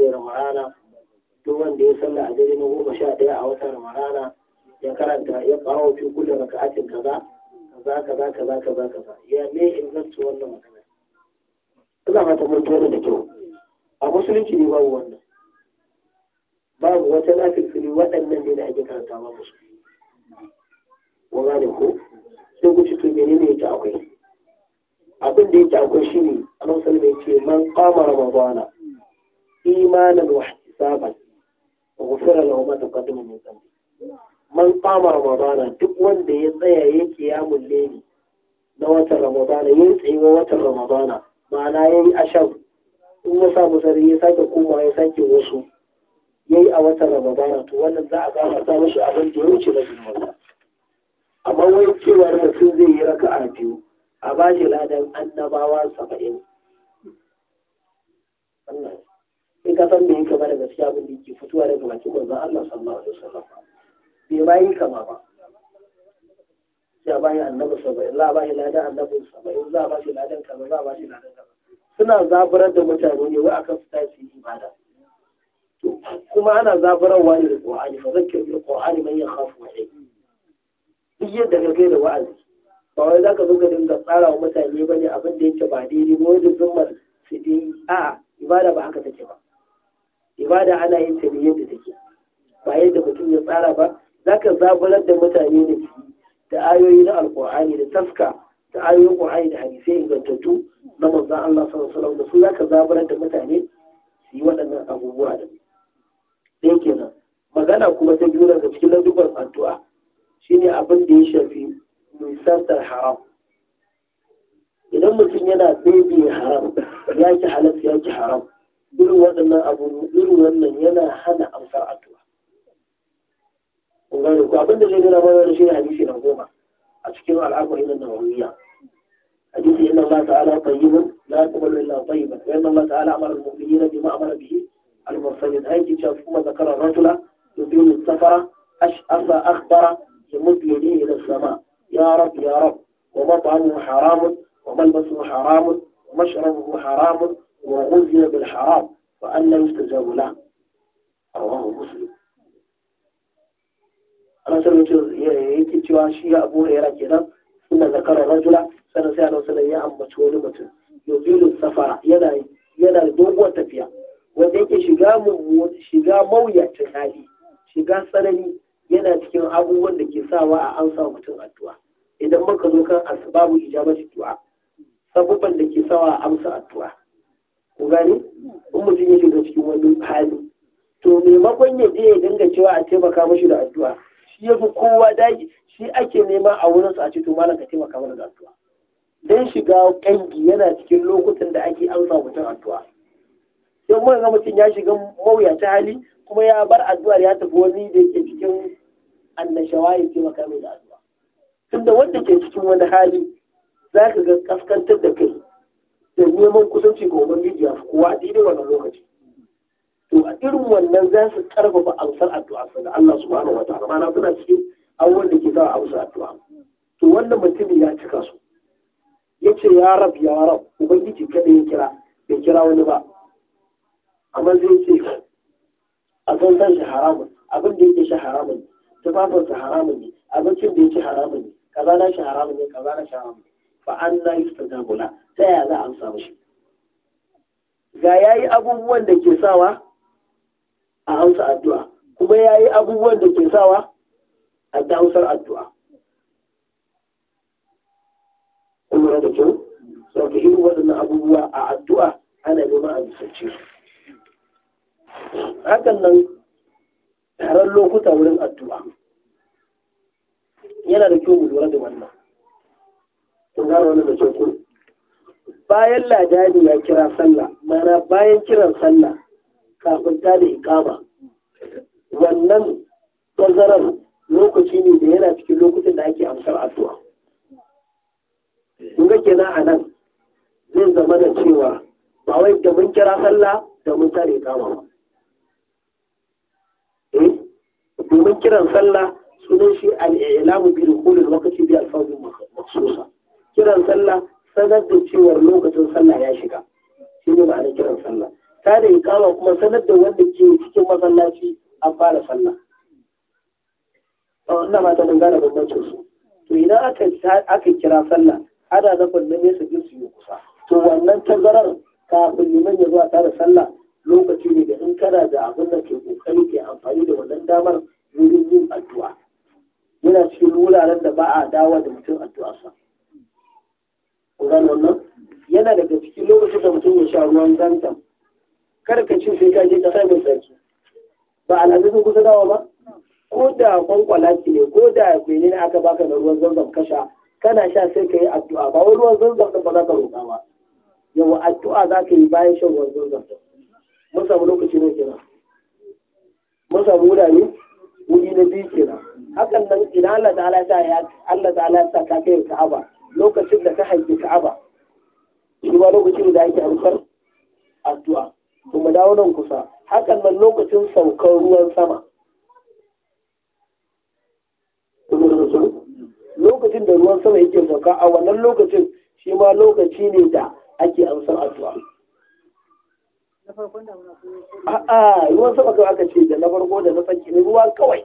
da ramadana duk wanda ya salla a jirgin goma sha ɗaya a watan ramadana ya karanta ya kawo fi kula raka'atin kaza kaza kaza kaza kaza kaza ya ne ingantu wannan magana ina mata mutu tona da kyau a musulunci ne babu wannan babu wata lafifili waɗannan ne da ake karanta ba musu wa gane ko sai ku ci to menene yake akwai abin da yake akwai shine a sallallahu alaihi wasallam ce man qama ramadana إيمانا واحتسابا وغفر له ما تقدم من ذنبه man kama ramadana duk wanda ya tsaya ya kiyamun leni na watan ramadana ya tsaye wa watan ramadana ma'ana ya yi asham in ya samu sarari ya sake koma ya sake wasu ya yi a watan ramadana to wannan za a gama ta mashi abin da ya wuce na jimala amma wai cewa mutum zai yi raka a biyu a ba ladan annabawa saba'in sai ka san me yake ba da gaskiya abin da yake fitowa daga bakin manzon Allah sallallahu alaihi wasallam bai bayi kama ba ya a bayi annabi saba'in za a bayi ladan annabi saba'in za a ba shi ladan kaza za a ba shi ladan kaza suna zaburar da mutane ne wa akan su tashi ibada kuma ana zaburarwa ne da Qur'ani fa zakkir bil Qur'ani man yakhafu wa'id duk yadda ka kai da wa'azi ba wai zaka zo ka dinga tsara wa mutane bane abin da yake ba daidai ba da zumar su dai a'a ibada ba haka take ba ibada ana yin ta ne yadda take ba yadda mutum ya tsara ba Za ka zaburar da mutane da ke da ayoyi na alkur'ani da taska da ayoyin qur'ani da hadisai ingantattu na manzon Allah sallallahu alaihi wasallam da su zaka zaburar da mutane su yi waɗannan abubuwa da ke kenan magana kuma ta biyu daga cikin ladubban addu'a shine abin da ya shafi mai nisantar haram idan mutum yana ɗebe haram ya ki halatta ya ki haram irin waɗannan abu irin wannan yana hana amsar addu'a ungare ku abinda zai gina mana shi ne hadisi na goma a cikin al'amari na nawawiya hadisi inna Allah ta'ala tayyibun la yaqbalu illa tayyiban wa inna Allah ta'ala amara al-mu'minina bima amara bihi al-mursalin aiki cewa kuma zakara rajula yubilu safara ash'asa akhbara يمد يديه إلى السماء يا رب يا رب ومطعمه حرام وملبسه حرام ومشربه haramun. وغذي بالحرام وأن لا يستجاب له رواه مسلم أنا سمعت يكي cewa shi ya abu hera kenan suna zakarar rajula sannan sai annabi sallallahu ya ambaci wani mutum yuzilu safara yana yana tafiya wanda yake shiga shiga mawuyacin hali shiga tsanani yana cikin abubuwan da ke sawa a an sa mutum addu'a idan muka zo kan asbabu ijabati du'a sabubban da ke sawa a amsa addu'a ku gani in mutum ya shiga cikin wani hali to maimakon ya je ya dinga cewa a taimaka mashi da addu'a shi ya fi kowa daji shi ake nema a wurin su a ce to malam ka taimaka mana da addu'a dan shiga kangi yana cikin lokutan da ake amsa mutum addu'a sai mun ga mutum ya shiga ta hali kuma ya bar addu'ar ya tafi wani da yake cikin annashawa ya taimaka mai da addu'a tunda wanda ke cikin wani hali za ka ga kaskantar da kai da neman kusanci ga ubangiji ya fi kowa daidai wannan lokaci to a irin wannan za su karfafa amsar addu'a su da Allah subhanahu wa ta'ala mana suna cikin abubuwan da ke sa amsa addu'a to wannan mutumin ya cika su ya ce ya rab ya rab ubangiji kada ya kira bai kira wani ba amma zai ce a san san shi haramun abin da yake shi haramun tufafinsa haramun ne abincin da yake haramun ne kaza na shi haramun ne kaza na shi haramun ne fa an la yustajabu la ta yaya za a amsa mishi ga ya yi abubuwan da ke sawa a amsa addu'a kuma ya yi abubuwan da ke sawa a ta addu'a kuma da kyau sau ka irin waɗannan abubuwa a addu'a ana neman a bisance hakan nan taron lokuta wurin addu'a yana da kyau mu lura da wannan bayan ladani ya kira sallah mana bayan kiran sallah kafin ta da ikama wannan tazarar lokaci ne da yana cikin lokacin da ake amsar addu'a kun ke na a nan zai zama da cewa ba wai da mun kira sallah da mun tare ikama ba eh domin kiran sallah sunan shi al-i'lamu bi dukhul al-waqti bi al-fawz maksusa kiran sallah sanar da cewar lokacin sallah ya shiga shi ne ma'ana kiran sallah ta da kama kuma sanar da wanda ke cikin masallaci an fara sallah wanda mata mun gane bambancin su to idan aka kira sallah ana da na ne su su yi kusa to wannan tazarar kafin liman ya zuwa tare sallah lokaci ne da in kana da abin da ke kokari ke amfani da wannan damar wurin yin addu'a yana cikin wuraren da ba a dawa da mutum addu'a sa ƙudan wannan yana daga cikin lokacin da mutum ya sha ruwan zantan Kar ka ce sai ka je ƙasa mai tsarki ba al'adu sun kusa dawa ba ko da kwankwala ce ne ko da mene ne aka baka da ruwan zanzan ka sha kana sha sai ka yi addu'a ba wani ruwan zanzan ɗin ba za ka roƙa ba yawa addu'a za ka yi bayan shan ruwan zanzan mun samu lokaci ne kenan mun samu wurare wuri na biyu kenan hakan nan idan Allah ta'ala ta ya Allah ta'ala sa ka kai ka'aba lokacin da ka haifi ka'aba shi ma lokacin da ake amsar addu'a kuma dawo nan kusa hakan nan lokacin saukar ruwan sama lokacin da ruwan sama yake sauka a wannan lokacin shi ma lokaci ne da ake amsar addu'a a ruwan sama kawai aka ce da na farko da na sake ne ruwa kawai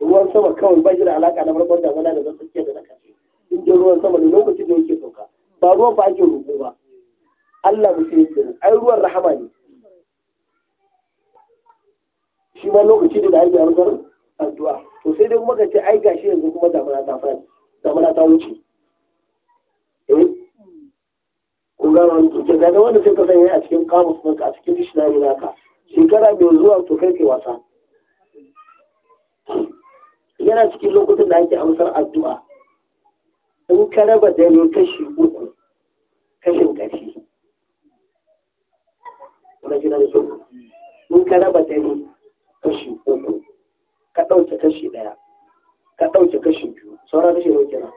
ruwan sama kawai ba shi da alaka na farkon damuna da na sake da na kashe jirgin ruwan sama da lokacin da yake sauka ba ruwan fa ake roƙo ba Allah mu sai yake ai ruwan rahama ne shi ma lokaci da ake harkar addu'a to sai dai kuma muka ce ai gashi yanzu kuma damuna ta fara damuna ta wuce eh kun ga wani tuke ga wanda sai ka sanya a cikin kamus ɗinka a cikin dictionary naka shekara mai zuwa to kai kai wasa yana cikin lokutan da ake amsar addu'a in ka raba dare kashi uku kashin ƙarshe in ka raba dare kashi uku ka ɗauke kashi ɗaya ka ɗauke kashi biyu sauran kashi ne kira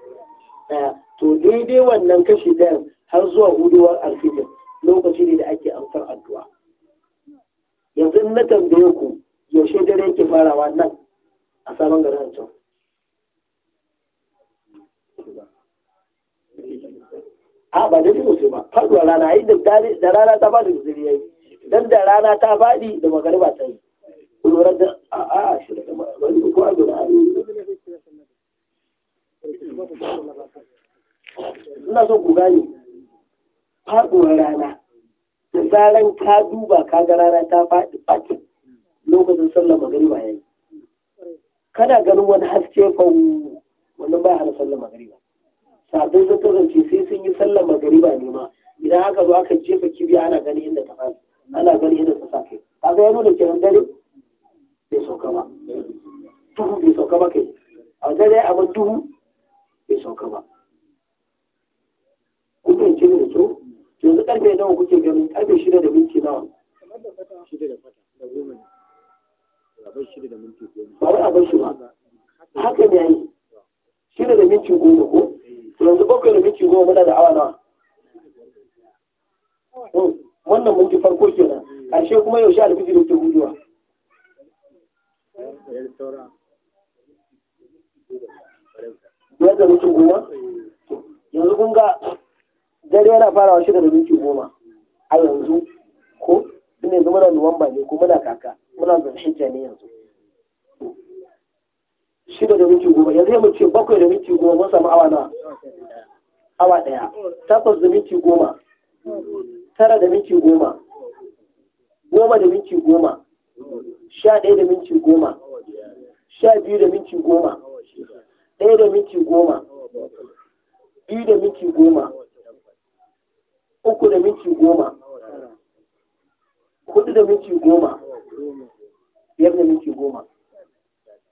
ɗaya to daidai wannan kashi ɗaya har zuwa huduwar alfijir lokaci ne da ake amfar addu'a yanzu na tambaye ku yaushe dare yake farawa nan a sabon garin can a ba da su ba faduwar rana yi da rana ta faɗi da zuri yayi dan da rana ta faɗi da magariba ta yi lura da a a shi da wani ko a ba. ina so ku gane faduwar rana da zaran ka duba ka ga rana ta faɗi fadi lokacin sallar magariba yayi kana ganin wani haske fa wannan ba hana sallar magariba sabbin sun kasance sai sun yi sallar magariba ne ma idan aka zo aka jefa kibiya ana gani inda ta fadi ana gani inda ta sa kai kaga ya nuna kiran dare bai sauka ba duhu bai sauka ba kai a dare a ba duhu bai sauka ba kun fahimci ne da kyau yanzu karfe nawa kuke ganin karfe shida da minti nawa ba wai a bar shi ba haka ne yi shida da minti goma ko yanzu bakwai da minti goma muna da awa nawa wannan mun ji farko kenan ƙarshe kuma yaushe alfijir da ke guduwa yadda minti goma yanzu kun ga dare yana farawa shida da minti goma a yanzu ko "Ina yanzu muna nuwamba ne ko muna kaka muna zarafin ne yanzu shida da minti goma yanzu ya mace bakwai da minti goma mun samu awa na awa ɗaya takwas da minti goma tara da minti goma goma da minti goma sha ɗaya da minti goma sha biyu da minti goma ɗaya da minti goma biyu da minti goma uku da minti goma hudu da minti goma biyar da minti goma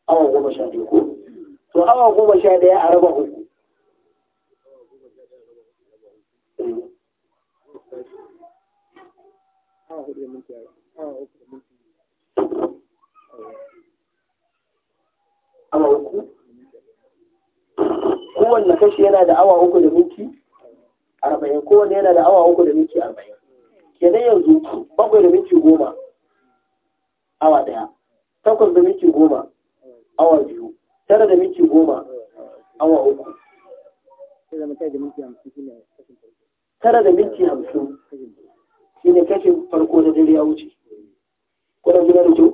awa goma sha ɗaya ko to awa goma sha ɗaya a raba uku awa uku kowanne kashi yana da awa uku da minti arba'in kowanne yana da awa uku da minti arba'in kenan yanzu bakwai da minti goma awa ɗaya takwas da minti goma awa biyu tara da minti goma awa uku tara da minti hamsin shi ne kashin farko na dare ya wuce kuna gina da kyau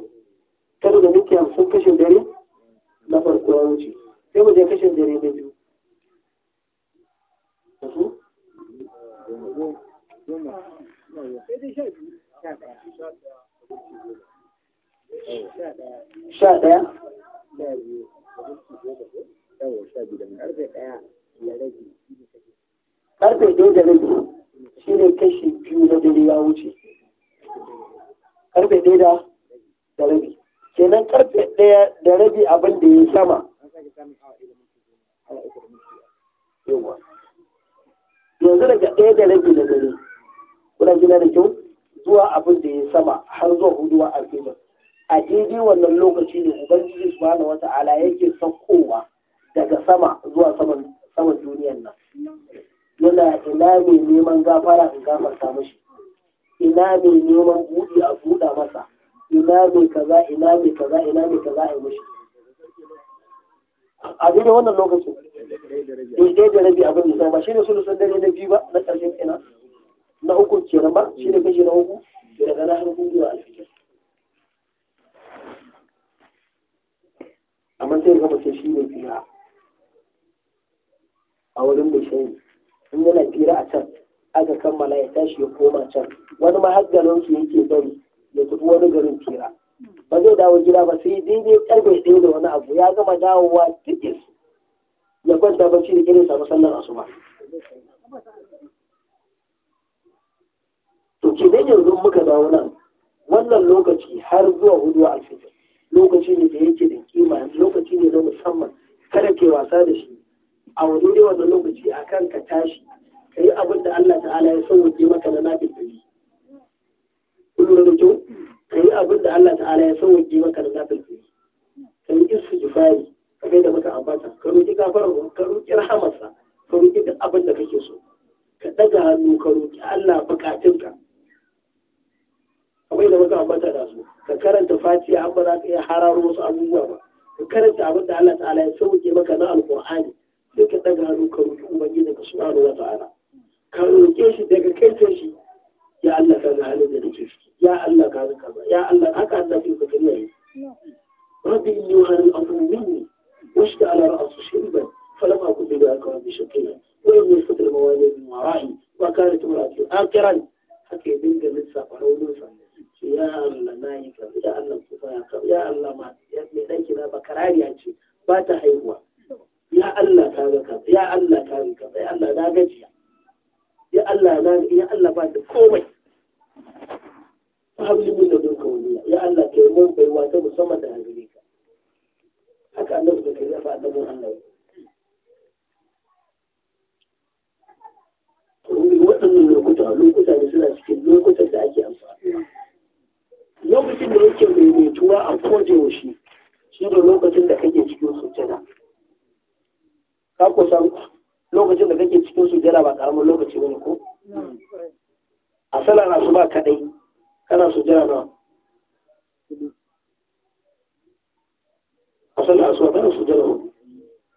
tara da minti hamsin kashin dare na farko ya wuce sai mu kashe kashin dare na biyu sha ɗaya sha biyu da ko sha biyu da karfe ɗaya da rabi karfe ɗaya da shi ne kashi biyu na dare ya wuce karfe ɗaya da rabi kenan karfe ɗaya da abin da ya sama yanzu daga ɗaya da rabi da dare kuna gina da kyau zuwa abin da ya sama har zuwa huduwa a a daidai wannan lokaci ne ubangiji wata ala yake saukowa daga sama zuwa saman saman duniyar nan yana ina mai neman gafara in gafarta mashi ina mai neman buɗi a buɗa masa ina mai kaza ina mai kaza ina mai kaza a mashi a daidai wannan lokacin daidai eh, da rabi abin da ba shi ne sulusun dare na biyu ba na ƙarshen ina na uku kenan ba shi ne kashi na uku daga na har biyu a alfikir sai ga mace shi ne fira a wurin bishayi in yana fira a can aka kammala ya tashi ya koma can wani mahajjalon su yake bari ya tafi wani garin fira ba zai dawo gida ba sai daidai karfe ɗaya da wani abu ya gama dawowa tikis ya kwanta bacci da irin samu sallar asuba to ke yanzu muka dawo nan wannan lokaci har zuwa hudu a alfijir lokaci ne da yake da kima lokaci ne na musamman kada ke wasa da shi a wani ne wannan lokaci a kan ka tashi ka yi abin da Allah ta'ala ya sauke maka na nafi dari kullum da kyau ka yi abin da Allah ta'ala ya sauke maka na nafi dari ka yi isu jifari ka kai da maka ambata ka roƙi gafarar ka roƙi rahamarsa ka roƙi duk abin da kake so ka ɗaga hannu ka roƙi Allah bukatunka. kamar da muka ambata da su ka karanta fatiha amma za ka iya hararo wasu abubuwa ba ka karanta abin da Allah ta'ala ya sauke maka na alqur'ani sai ka daga hannu ka roki ubangiji ka subhanahu wa ta'ala ka roke shi daga kai ta shi ya Allah ka ga halin da nake ciki ya Allah ka ga kaza ya Allah haka Allah ke ka kariya yi rabbi inni wa hal amru minni washta ala ra'su shayban falam akun bi da'aka wa bi shaqiya wa inni fatil mawali min wara'i wa kanat imra'ati akiran haka ya dinga lissafa raunin sa ya Allah na yi kaza ya Allah kufa ya kaza ya Allah ma mai dan kira ba karariya ce ba ta haihuwa ya Allah ka ga kaza ya Allah ka ga kaza ya Allah na gajiya ya Allah na ya Allah ba da komai fa min da dukkan wani ya Allah kai mun baiwa ta musamman da gare ka haka annabi da kai ya fa annabi Allah waɗannan lokuta lokuta ne suna cikin lokutan da ake amfani lokacin da yake maimaituwa a koje wa shi shi ne lokacin da kake cikin sujjada ka san lokacin da kake cikin sujjada ba karamin lokaci bane ko a sallar ba kadai kana sujjada ba a sallar asuba kana sujjada ba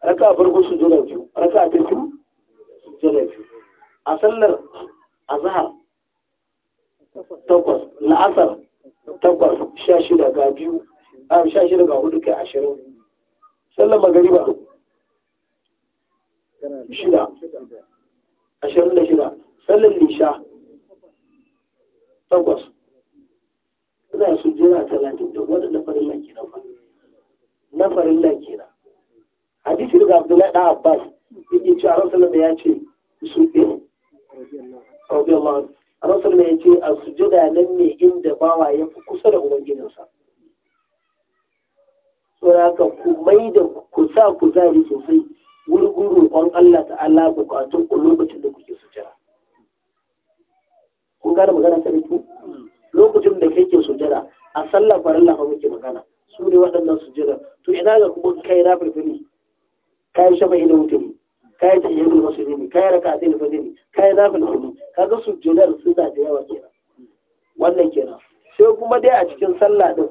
raka farko sujjada biyu raka ta biyu sujjada biyu a sallar azhar takwas la'asar takwas sha shida ga biyu a sha shida ga hudu kai ashirin sallar magariba shida ashirin da shida sallar lisha takwas ina su jira talatin da waɗanda farin laki na fa na farin laki na hadisi daga abdullahi da abbas yake cewa rasulullah ya ce su ɗin rabbi allah rasul ya ce a sujada nan ne inda bawa ya fi kusa da ubangijinsa saboda haka ku mai da ku sa kuzari sosai wurgun roƙon Allah ta'ala bukatun ku lokacin da kuke sujada kun gane magana ta ku lokacin da kake sujada a sallah farin fa muke magana su ne waɗannan sujada to ina ga kuma kai na firfiri kai shafa ina wuturi kai ta yin musulmi kai raka ta yin fajiri kai na Ka kaga su jodar su da yawa kenan wannan kenan sai kuma dai a cikin sallah din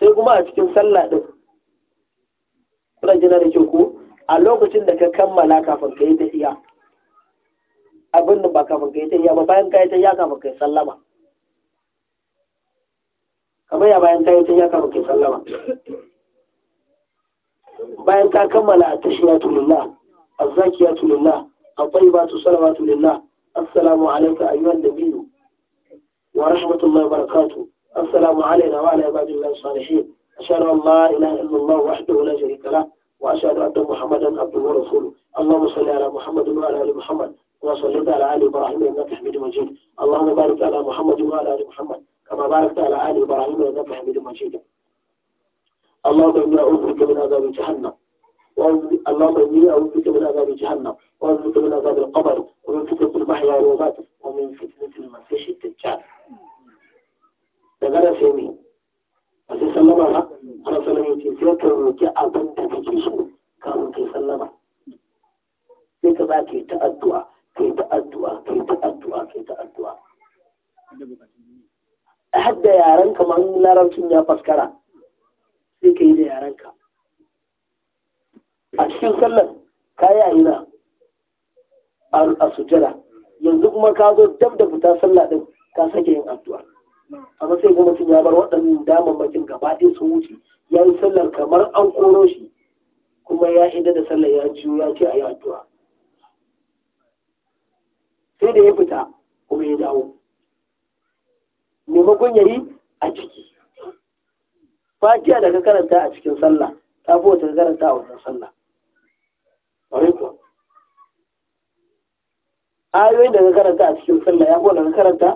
sai kuma a cikin sallah din kuna jina da kyau ko a lokacin da ka kammala kafin ka yi ta iya abin da ba kafin ka yi ta iya ba bayan ka yi ta iya kafin ka yi sallama kamar ya bayan ka yi ta iya kafin ka yi sallama bayan ka kammala a tashi ya tulilla a zaki ya tulilla a kwai ba tu salama tulilla assalamu alaika a yiwuwar da biyu wa rahmatullahi barakatu assalamu alaika wa alaika bin lai salihin ashara allah ila ilmullah wa ahdahu la sharika la wa ashara adda muhammadan abdu wa allah musalli ala muhammad wa ala ali muhammad wa salli ala ali ibrahim wa nabi allah mubarak ala muhammad wa ala muhammad kama barakta ala اللهم إني أعوذ بك من عذاب جهنم اللهم إني أعوذ بك من عذاب جهنم وأعوذ بك من عذاب القبر ومن فتنة المحيا والوفاة ومن فتنة المسيح الدجال دغنا سيمي أسي سلمة لا أنا سلمة تيسير كروكي أبن تتكيشو كروكي سلمة لك باكي تأدوا كي تأدوا كي تأدوا كي تأدوا حتى يا رنك من لا رنك يا فسكرة sai ka yi da yarenka a cikin sallar ka yi aina a yanzu kuma ka zo dab da fita sallah din ka sake yin addu'a amma sai kuma mutum ya bar waɗannan damammakin gaba ɗin sun wuce ya yi sallar kamar an koro shi kuma ya ida da sallar ya ciwo ya ce a yi addu'a sai da ya fita kuma ya dawo maimakon ya a ciki fatiha da ka karanta a cikin sallah ta fi wata karanta a wannan sallah ayoyin da ka karanta a cikin sallah ya fi wanda ka karanta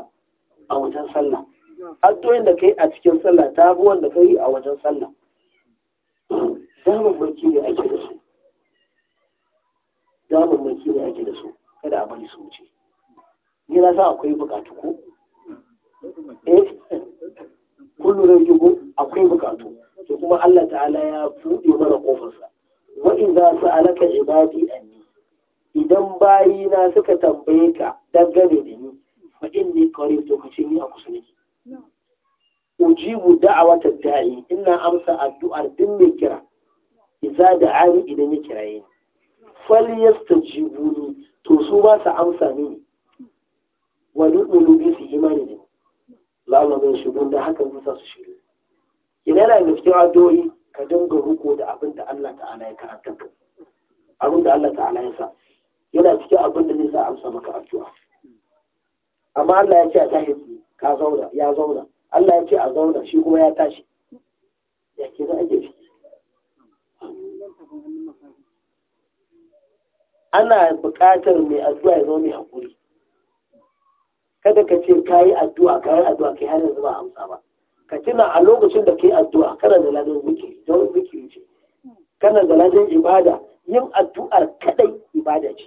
a wajen sallah addu'o'in da ka yi a cikin sallah ta fi wanda ka yi a wajen sallah mulki ne ake da su mulki ne ake da su kada a bari su wuce ni na sa akwai bukatu ko eh kullu rai akwai bukatu to kuma Allah ta'ala ya buɗe mana kofarsa wa in za su alaka ibadi anni idan bayina suka tambaye ka dangane da ni fa inni qarib to kace ni a kusa nake ujibu da'awata da'i ina amsa addu'ar din mai kira idza da'ani idan ya kiraye ni fal yastajibuni to su ba su amsa ni wa nu'minu bi imani ne la la da haka musa sa su shiru idan yana da cikin addu'o'i ka dinga ruko da abin da Allah ta'ala ya karanta ka abin da Allah ta'ala ya sa yana cikin abin da zai sa amsa maka addu'a amma Allah ya ce a tashi ka zauna ya zauna Allah ya ce a zauna shi kuma ya tashi ya ke za a ke ciki ana buƙatar mai addu'a ya zama mai haƙuri kada ka ce ka yi addu'a ka yi addu'a yi har yanzu ba amsa ba ka tuna a lokacin da kai addu'a kana da ladan zikiri don zikiri ce kana da ladan ibada yin addu'ar kadai ibada ce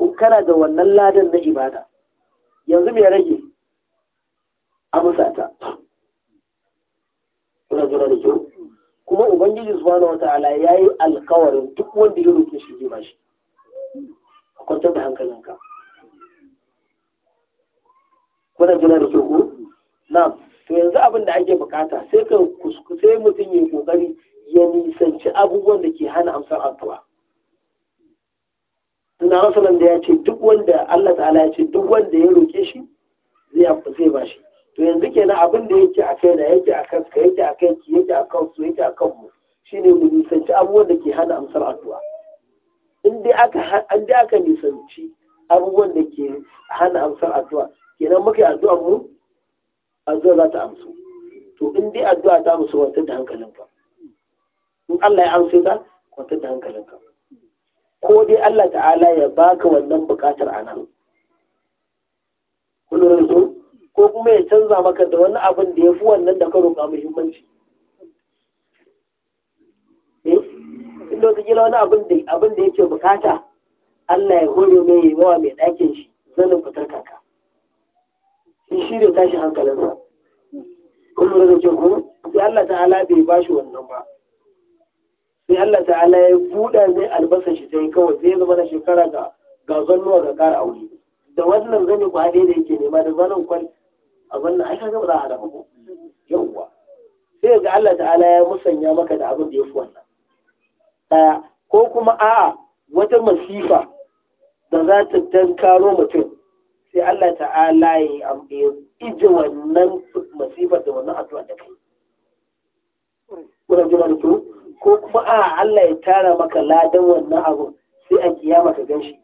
in kana da wannan ladan na ibada yanzu me rage a musata kuna jira da kyau kuma ubangiji subhanahu wataala ya yi alkawarin duk wanda ya roke shi zai shi a kwantar da hankalinka kuna jira da kyau ko na to yanzu abin da ake bukata sai ka sai mutum ya kokari ya nisanci abubuwan da ke hana amsar addu'a Suna Rasulun da ya ce duk wanda Allah ta'ala ya ce duk wanda ya roke shi zai zai ba shi. To yanzu kenan abin da yake a kai na yake a kan ka yake a kan ki yake a kan su yake a kan mu shine mu nisanci abubuwan da ke hana amsar addu'a. In dai aka an dai aka nisanci abubuwan da ke hana amsar addu'a kenan muka yi addu'ar mu addu'a za ta amsu to in dai addu'a ta amsu wata da ka in Allah ya amsu ka wata da ka. ko dai Allah ta'ala ya baka wannan bukatar a nan kullum so ko kuma ya canza maka da wani abin da ya fi wannan da ka roƙa muhimmanci eh In wata gila wani abin da abin da yake bukata Allah ya hore mai yawa mai ɗakin shi zanin fitar kaka shi ne tashi hankalinsa kun lura da kuma sai Allah ta'ala bai ba shi wannan ba sai Allah ta'ala ya buɗa mai albasa shi ta yi kawai sai ya zama na shekara ga ga zannuwa ga ƙara aure da wannan zane kwade da yake nema da zanen kwal a wannan ai kaga ba za a da ko yawwa sai ga Allah ta'ala ya musanya maka da abin da ya fi wannan ɗaya ko kuma a'a wata masifa da za ta tankaro mutum sai Allah ta'ala ya ije wannan masifar da wannan addu'a da kai kuna jira da ko ko kuma a Allah ya tara maka ladan wannan abu sai a kiyama ka shi.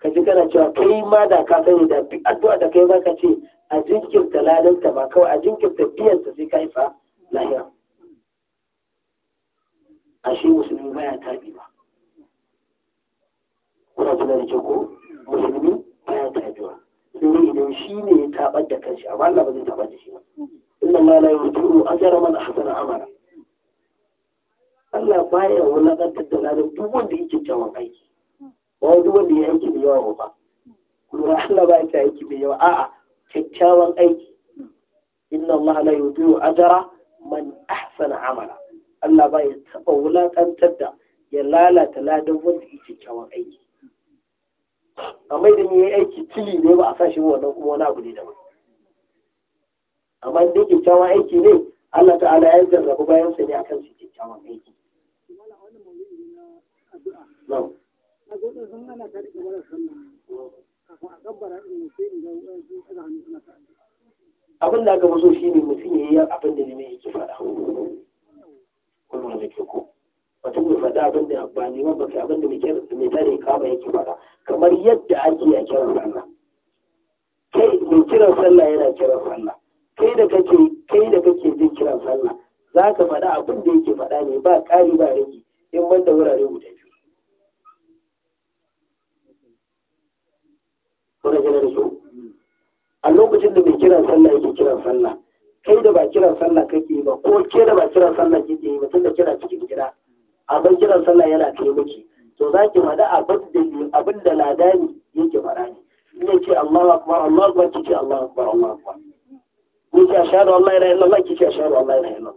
ka ji kana cewa kai ma da ka sani da duk addu'a da kai ka ce a jinkirta ladan ta ba kawai a jinkirta biyan ta sai ka isa lahira ashe musulmi baya tabi ba kuna jira da ko musulmi baya ba. domin shi ne ya tabar da kanshi amma Allah ba zai tabar da shi ba inna ma la yudiru ajra man ahsana amala Allah baya wulakantar da ladan duk wanda yake kyawun aiki ba duk wanda ya aiki da yawa ba kuma Allah ba ya aiki da yawa a'a kyakkyawan aiki inna Allah la yudiru ajra man ahsana amala Allah ba ya taba wulakantar da ya lalata ladan wanda yake kyakkyawan aiki amma idan ya yi aiki cili ne ba a sa shi wannan kuma wani abu ne daban amma idan kyakkyawan aiki ne Allah ta'ala ya jarrabu bayan sa ne akan su kyakkyawan aiki abin da aka fi so shi ne mutum ya yi abin da ne yake faɗa kullum da ke ko mutum ya faɗa abin da ba neman ba abin da mai tare kama yake faɗa kamar yadda ake a kiran sallah kai mai kiran sallah yana kiran sallah kai da kake kai da kake jin kiran sallah za ka faɗa abin da yake faɗa ne ba ƙari ba rage in banda wurare guda biyu kuna jina da su a lokacin da mai kiran sallah yake kiran sallah kai da ba kiran sallah kake yi ba ko ke da ba kiran sallah kake yi ba tun da kira cikin gida abin kiran sallah yana kai miki to za ki faɗa abin da ladani yake fara ne in ya ce Allahu akbar Allahu akbar ki ce Allahu akbar Allahu akbar in ce ashhadu an la ilaha illallah ki ce ashhadu an la ilaha illallah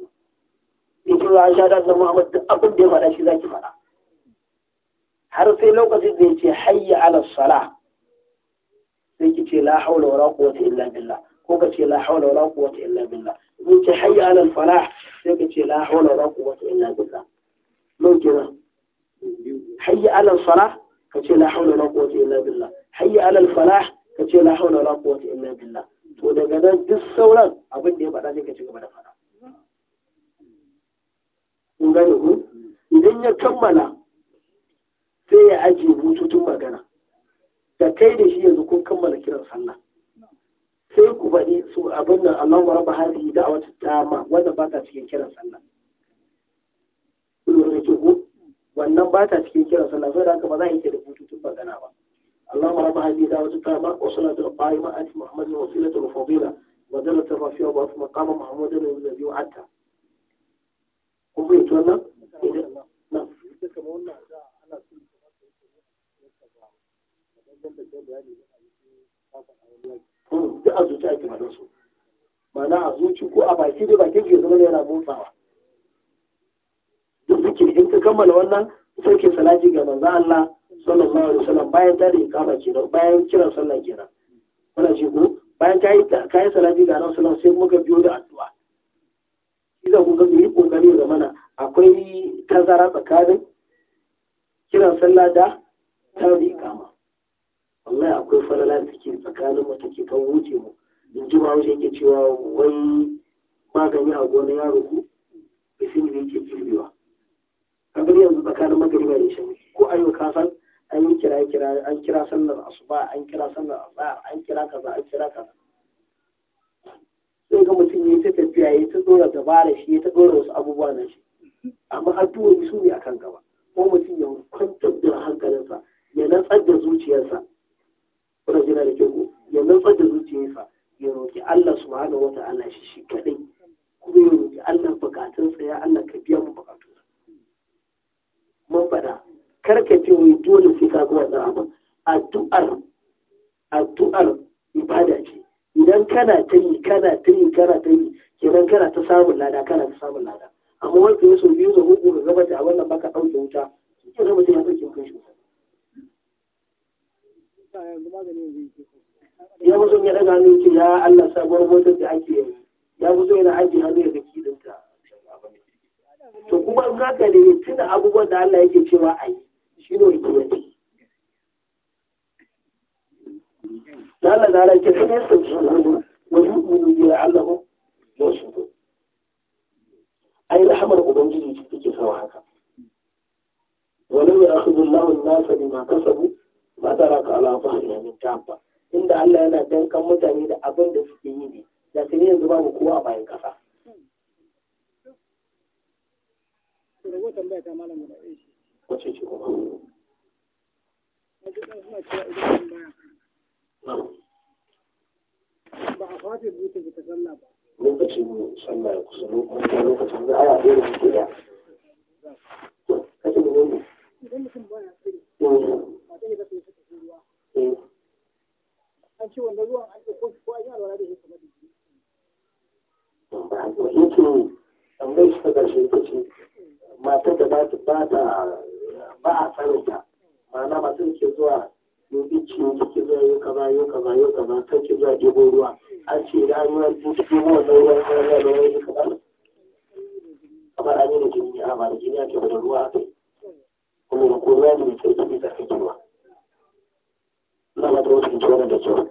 in ce ashhadu anna muhammad duk abin da ya fara shi za ki fara. har sai lokacin da ya ce hayya ala sala sai ki ce la haula wala quwwata illa billah ko ka ce la haula wala quwwata illa billah in ce hayya ala falah sai ka ce la haula wala quwwata illa billah mun kira hayya alal falah ka ce la haula wala quwwata illa billah hayya alal falah ka ce la haula wala quwwata illa billah to daga nan duk sauran abin ya faɗa sai ka يكمل gaba da faɗa kun gane ya kammala sai ya ajiye bututun magana da kai da shi yanzu kun kammala kiran sallah sai ku faɗi su abin nan Allahu rabba hadhihi wata tama wannan ba ta cikin kiran sallah wannan ba ta cikin kiran sallah saboda haka ba za a yi da bututun magana ba اللهم رب هذه دعوة التامة وصلاة القائمة آت محمد وسيلة وفضيلة ودلة الرفيع وبعث مقام محمود الذي وعدته kun bai tuwa nan? Duk a zuci ake su. Ma'ana ko a baki da baki ke zama yana motsawa. kake in ka kammala wannan sai ke salati ga manzo Allah sallallahu alaihi wasallam bayan ta da ikama kenan bayan kiran sallah kenan wannan ce ko bayan ka yi salati ga nan sallallahu sai muka biyo da addu'a idan kun ga yi kokari ga mana akwai tazara tsakanin kiran sallah da ta da ikama wallahi akwai falala take tsakanin mu take kan wuce mu in ji bahaushe yake cewa wai magani a gona yaro ko bisin ne yake kirbewa kamar yanzu tsakanin magariba da shan ko a yau ka san an yi kira kira an kira sallar asuba an kira sannan azhar an kira kaza an kira kaza sai ga mutum ya yi ta tafiya ya ta dora dabara shi ya ta dora wasu abubuwa na shi amma addu'o'i su ne akan gaba ko mutum ya kwantar da hankalinsa ya natsar da zuciyarsa kuna jira da kyau ya natsar da zuciyarsa ya roƙi Allah subhanahu wata'ala shi shi kadai kuma ya roƙi Allah bukatunsa ya Allah ka biya mu bukatu mun faɗa karka ce wai dole sai ka ga wannan ba addu'ar addu'ar ibada ce idan kana ta yi kana ta yi kana ta yi kenan kana ta samun lada kana ta samun lada amma wanda ya so biyu da uku da zama ta wannan baka ɗauke wuta shi ke zama ta ya ɗauke kai shi ya fi so ya daga hannu ya Allah sabuwar motar da ake yi ya fi so yana ajiye hannu ya zaki kidinta to kuma in ka ne tuna abubuwan da Allah yake cewa a yi shi ne yake ce. Allah da Allah ke sanar da su wa yu'minu bi la'allahu yashhadu ai rahamar ubangiji ce take kawo haka walau ya'khudhu Allahu an-nasa ma kasabu ma ta ala fahriha min dabba inda Allah yana dankan mutane da abin da suke yi ne da sai yanzu babu kowa a bayan kasa rago tambaya ta malam da ɗaya shi wace ce kuma wajen ɗan suna cewa idan an baya ba a fata buta ta sallah ba lokacin sallah kusa lokacin da aya ɗaya da da kashe ne idan mutum baya tsiri ba ta yi kasa ya ruwa eh. an ce wanda ruwan an ɗauko ko an yi alwala da shi kamar da shi ba a yi yake tambayar shi ta ƙarshe ta ce matar da ba ta ba a tsarinta ma'ana matar ke zuwa yobi zuwa yau kaza yau kaza yau kaza ta ce zuwa ɗebo ruwa an ce da an ruwa ki ɗebo wannan ruwan ruwan ruwan ruwan kaza kamar an yi da jini a ba da jini ake da ruwa a kai kuma da ruwa ne mai tsarki ne tsarki ruwa na ba ta wasu ki wani da kyau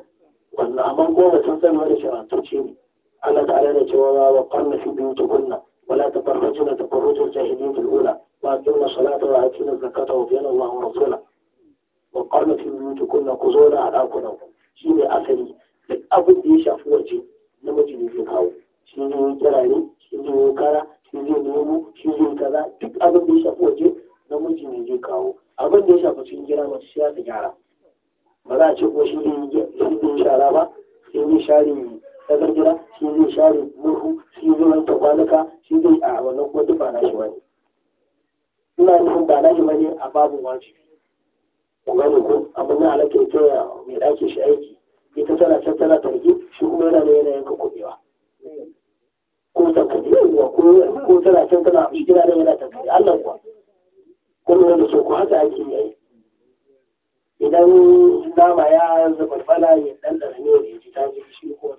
wannan amma kuma mutum zai wani sharantar ce ne Allah ta'ala ne cewa wa kwanna fi biyu tukunna ولا تبرجن تبرج الجاهلية الأولى وأقمنا الصلاة وآتينا الزكاة وأطعنا الله ورسوله وقرن في بيوتكن قزولا على كنو شيء أصلي duk abin da ya shafi waje namiji ne zai kawo shi ne ya kira shi ne ya kara shi zai nemo shi zai kaza duk abin da ya shafi waje namiji ne zai kawo abin da ya shafi cikin gida mace sai ta gyara ba za a ce ko shi ne ya shara ba sai shari share daga gida shi zai share murhu shi zai wanke kwanuka shi zai a wannan kuma duk ba na shi wani ina nufin ba na shi wani a babu wajibi ku gane ko abin nan alaƙa ya mai ɗaki shi aiki ita tana can tana tarki shi kuma yana da yanayin ka kuɗewa ko tankari yawwa ko tana can tana shi ranar da yana tankari allah kuwa kullum da so ku haka ake yi idan nama ya zubar bala ya ɗanɗana ɗan ne ya ji ta ji shi ko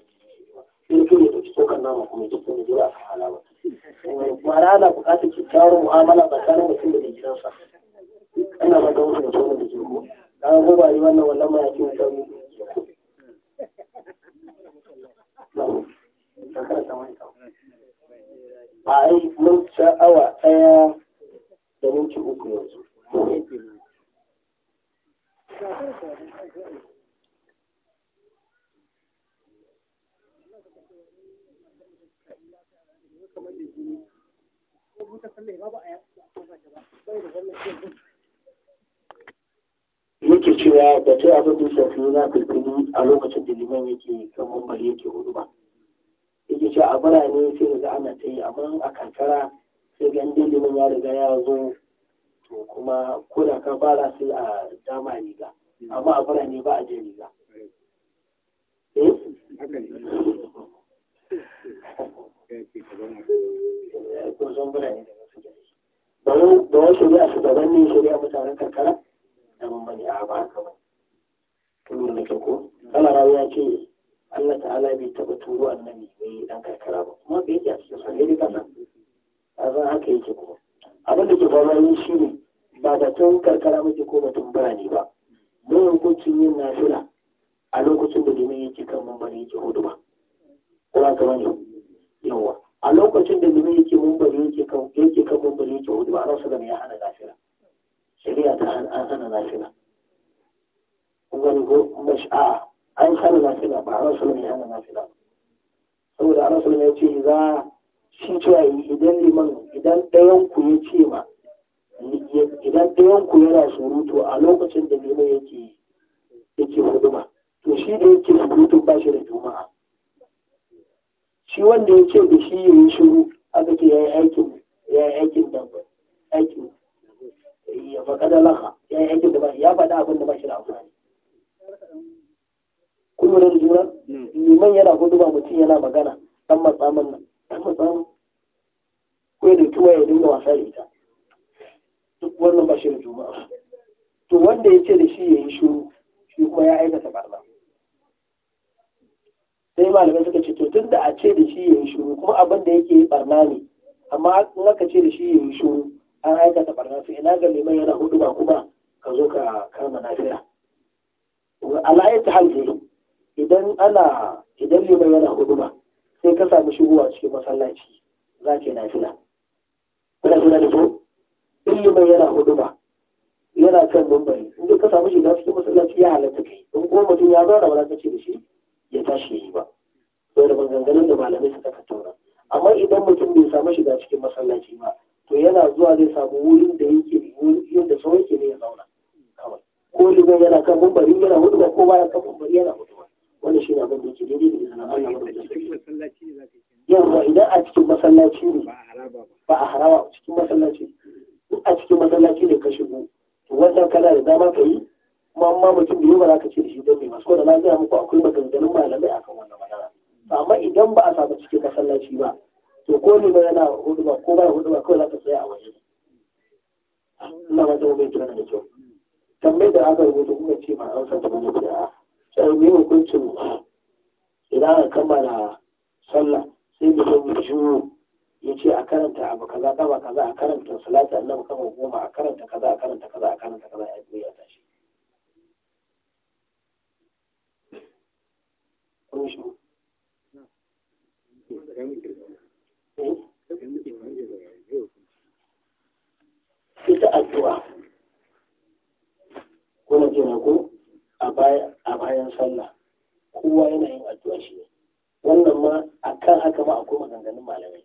sai ke da tsokan nama kuma duk wani zuwa ka hala ba mara na buƙatar kyakkyawar mu'amala tsakanin mutum da mai gidansa ana ba da da wani da ke ko da gaba yi wannan wannan ma ya ke wuta mu a yi mun awa ɗaya da minti uku yanzu a a yake cewa da ta abin da na kirkiri a lokacin da liman yake kan mambari yake hudu ba yake cewa a birane sai da ana ta yi amma a kankara sai ga inda liman ya riga ya zo to kuma ko da ka fara sai a dama riga amma a birane ba a je riga eh? da wani shari'a shugaban ne shari'a mutanen karkara da bambani a ba haka ba tun da ke ko ana rawa ce Allah ta'ala bai taɓa turo annabi mai dan karkara ba kuma bai yi a cikin sahiri kasa a zan haka yake kuma abin da ke faruwa shi ne ba da tun karkara muke ko batun birane ba mu hukuncin yin nafila a lokacin da jini yake kan mambari yake hudu ba kuma ka bane yawa a lokacin da gumi yake mumbari yake kan yake kan mumbari yake hudu ba rasu da ya hana nafila shari'a ta an hana nafila kun gani ko mash'a an hana nafila ba rasu da ya hana nafila saboda rasu da ya ce za shi cewa idan liman idan ɗayan ku ya ce ma idan ɗayan ku yana surutu a lokacin da liman yake yake huduma to shi da yake surutu ba shi da juma'a shi wanda ya ce da shi yin shiru aka ce ya yi aikin ya yi aikin da aikin ya faɗa da laka ya yi aikin da ba ya faɗa abin da ba shi da amfani kun lura da juna liman yana hudu ba mutum yana magana dan matsamin nan dan matsamin ko da tuwa ya dinga wasa da ita duk wannan ba shi da juma'a to wanda ya ce da shi ya yi shiru shi kuma ya aikata barna sai malamai suka to tun da a ce da shi ya yi shuru kuma abin da yake barna ne amma in aka ce da shi ya yi shuru an aikata barna Sai ina ga liman yana hudu ba kuma ka zo ka kama nafiya alayi ta hankali idan ana idan liman yana hudu ba sai ka samu shigowa cikin masallaci za ka yi nafila kuna kuna da ko in liman yana hudu ba yana kan mumbari in ka samu shiga cikin masallaci ya halatta kai in kuma mutum ya zo ba za ka ce da shi ya tashi ya yi ba saboda maganganun da malamai su fito taura amma idan mutum bai samu shiga cikin masallaci ba to yana zuwa zai samu wurin da yake wurin da sauran ke ne ya zauna ko liman yana kan mumbari yana hudu ko baya kan mumbari yana hudu wannan shi ne abin da yake daidai da izinin Allah mu da yawa idan a cikin masallaci ne ba a haraba cikin masallaci a cikin masallaci ne ka shigo to wannan kana da dama ka yi kuma amma mutum biyu ba za ka ce da shi don mai masu ko da na gaya muku akwai maganganun malamai akan wannan magana amma idan ba a samu cikin masallaci ba to ko ne ba yana hudu ba ko ba hudu ba kawai za ka tsaya a waje ina wajen ta mai kira da kyau tambayi da aka rubuta kuma ce ma an san ta bane da tsaye mai hukuncin idan aka kammala sallah sai mutum juyo ya ce a karanta abu kaza kama kaza a karanta salati annabi kama goma a karanta kaza a karanta kaza a karanta kaza ya juya tashi. Thank you. ita addu'a kuna jira ku a bayan sallah kowa yana yin addu'a shi wannan ma a kan haka ma akwai maganganun malamai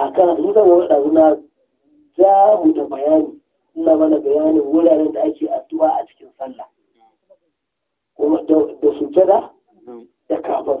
a kan ni zan wani ɗazu na za mu da bayani ina mana bayanin wuraren da ake addu'a a cikin sallah kuma da sujada da kafar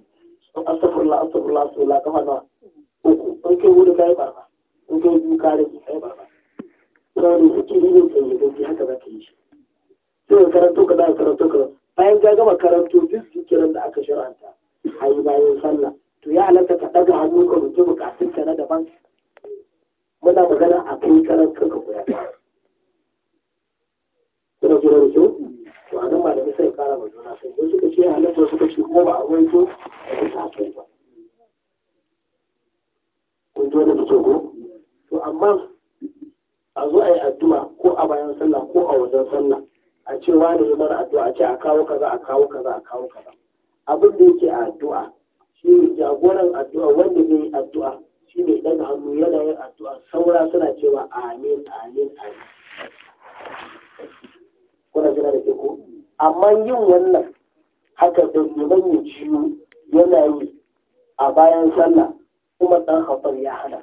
in astagfirullah astagfirullah astagfirullah kafa nawa uku in kai wuri kai barba in kai biyu ka rage kai barba saboda yi ne kai ya dauki haka za ka yi shi sai ka karanto ka dawo karanto ka bayan ka gama karanto duk zikirin da aka sharanta a yi bayan sallah to ya halatta ka ɗaga hannu ka roƙi bukatun ka na daban muna magana a kai karan kanka guda ɗaya. Kuna jira da kyau? to a nan malamai sai kara ma juna sai wasu suka ce halatta suka ce ko ba a wanko a yi ta kai ba kun ji wani fito ko to amma a zo a yi addu'a ko a bayan sallah ko a wajen sallah a ce wani yi mana addu'a a ce a kawo kaza a kawo kaza a kawo kaza abin da yake a addu'a shi ne jagoran addu'a wanda zai yi addu'a shi ne ɗan hannu yana yin addu'a saura suna cewa amin amin amin kuna jira da ke ko amma yin wannan haka da liman ya ciwo yana yi a bayan sallah kuma ɗan haɓar ya hana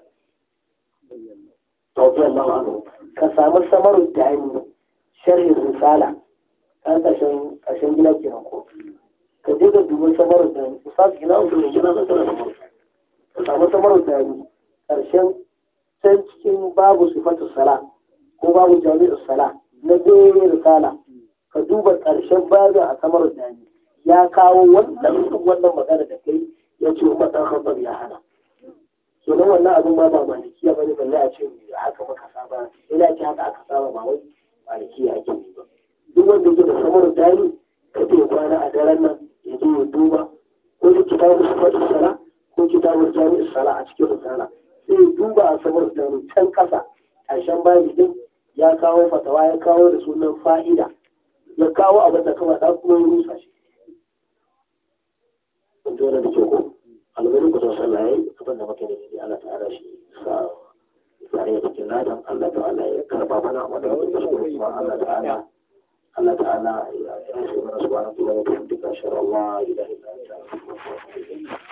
ka samu samarin da hannu sharhin risala a ƙarshen ƙarshen gina kenan ko ka je da dubin samarin da hannu ustaz gina usul da gina zata da ka samu samarin da hannu ƙarshen can cikin babu sifatu sala ko babu jami'u sala na bere risala ka duba ƙarshen babin a samar da ya kawo wannan wannan magana da kai ya ce kuma ɗan hanbar ya hana nan wannan abin ba ba ya bane balle a ce haka maka saba ina ce haka aka saba ba wai maliki ake yi ba duk wanda yake da samar da ni ka ke kwana a daren nan ya zo ya duba ko da kitabul sifatu sala ko kitabul jami'in sala a cikin risala sai duba a samar da ni can kasa ƙarshen babi din ya kawo fatawa ya kawo da sunan fa'ida ya kawo abin da kawai ɗan kuma rusa shi wanda yana da kyau alwani ku sosai layi abin da muke nufi Allah ta'ala shi sa tsare da cikin ladan Allah ta'ala ya karba mana wanda wani da kuma Allah ta'ala Allah ta'ala ya yi shi mana su ba na subhanahu wa ta'ala duka shar'a Allah ya ilaha illa anta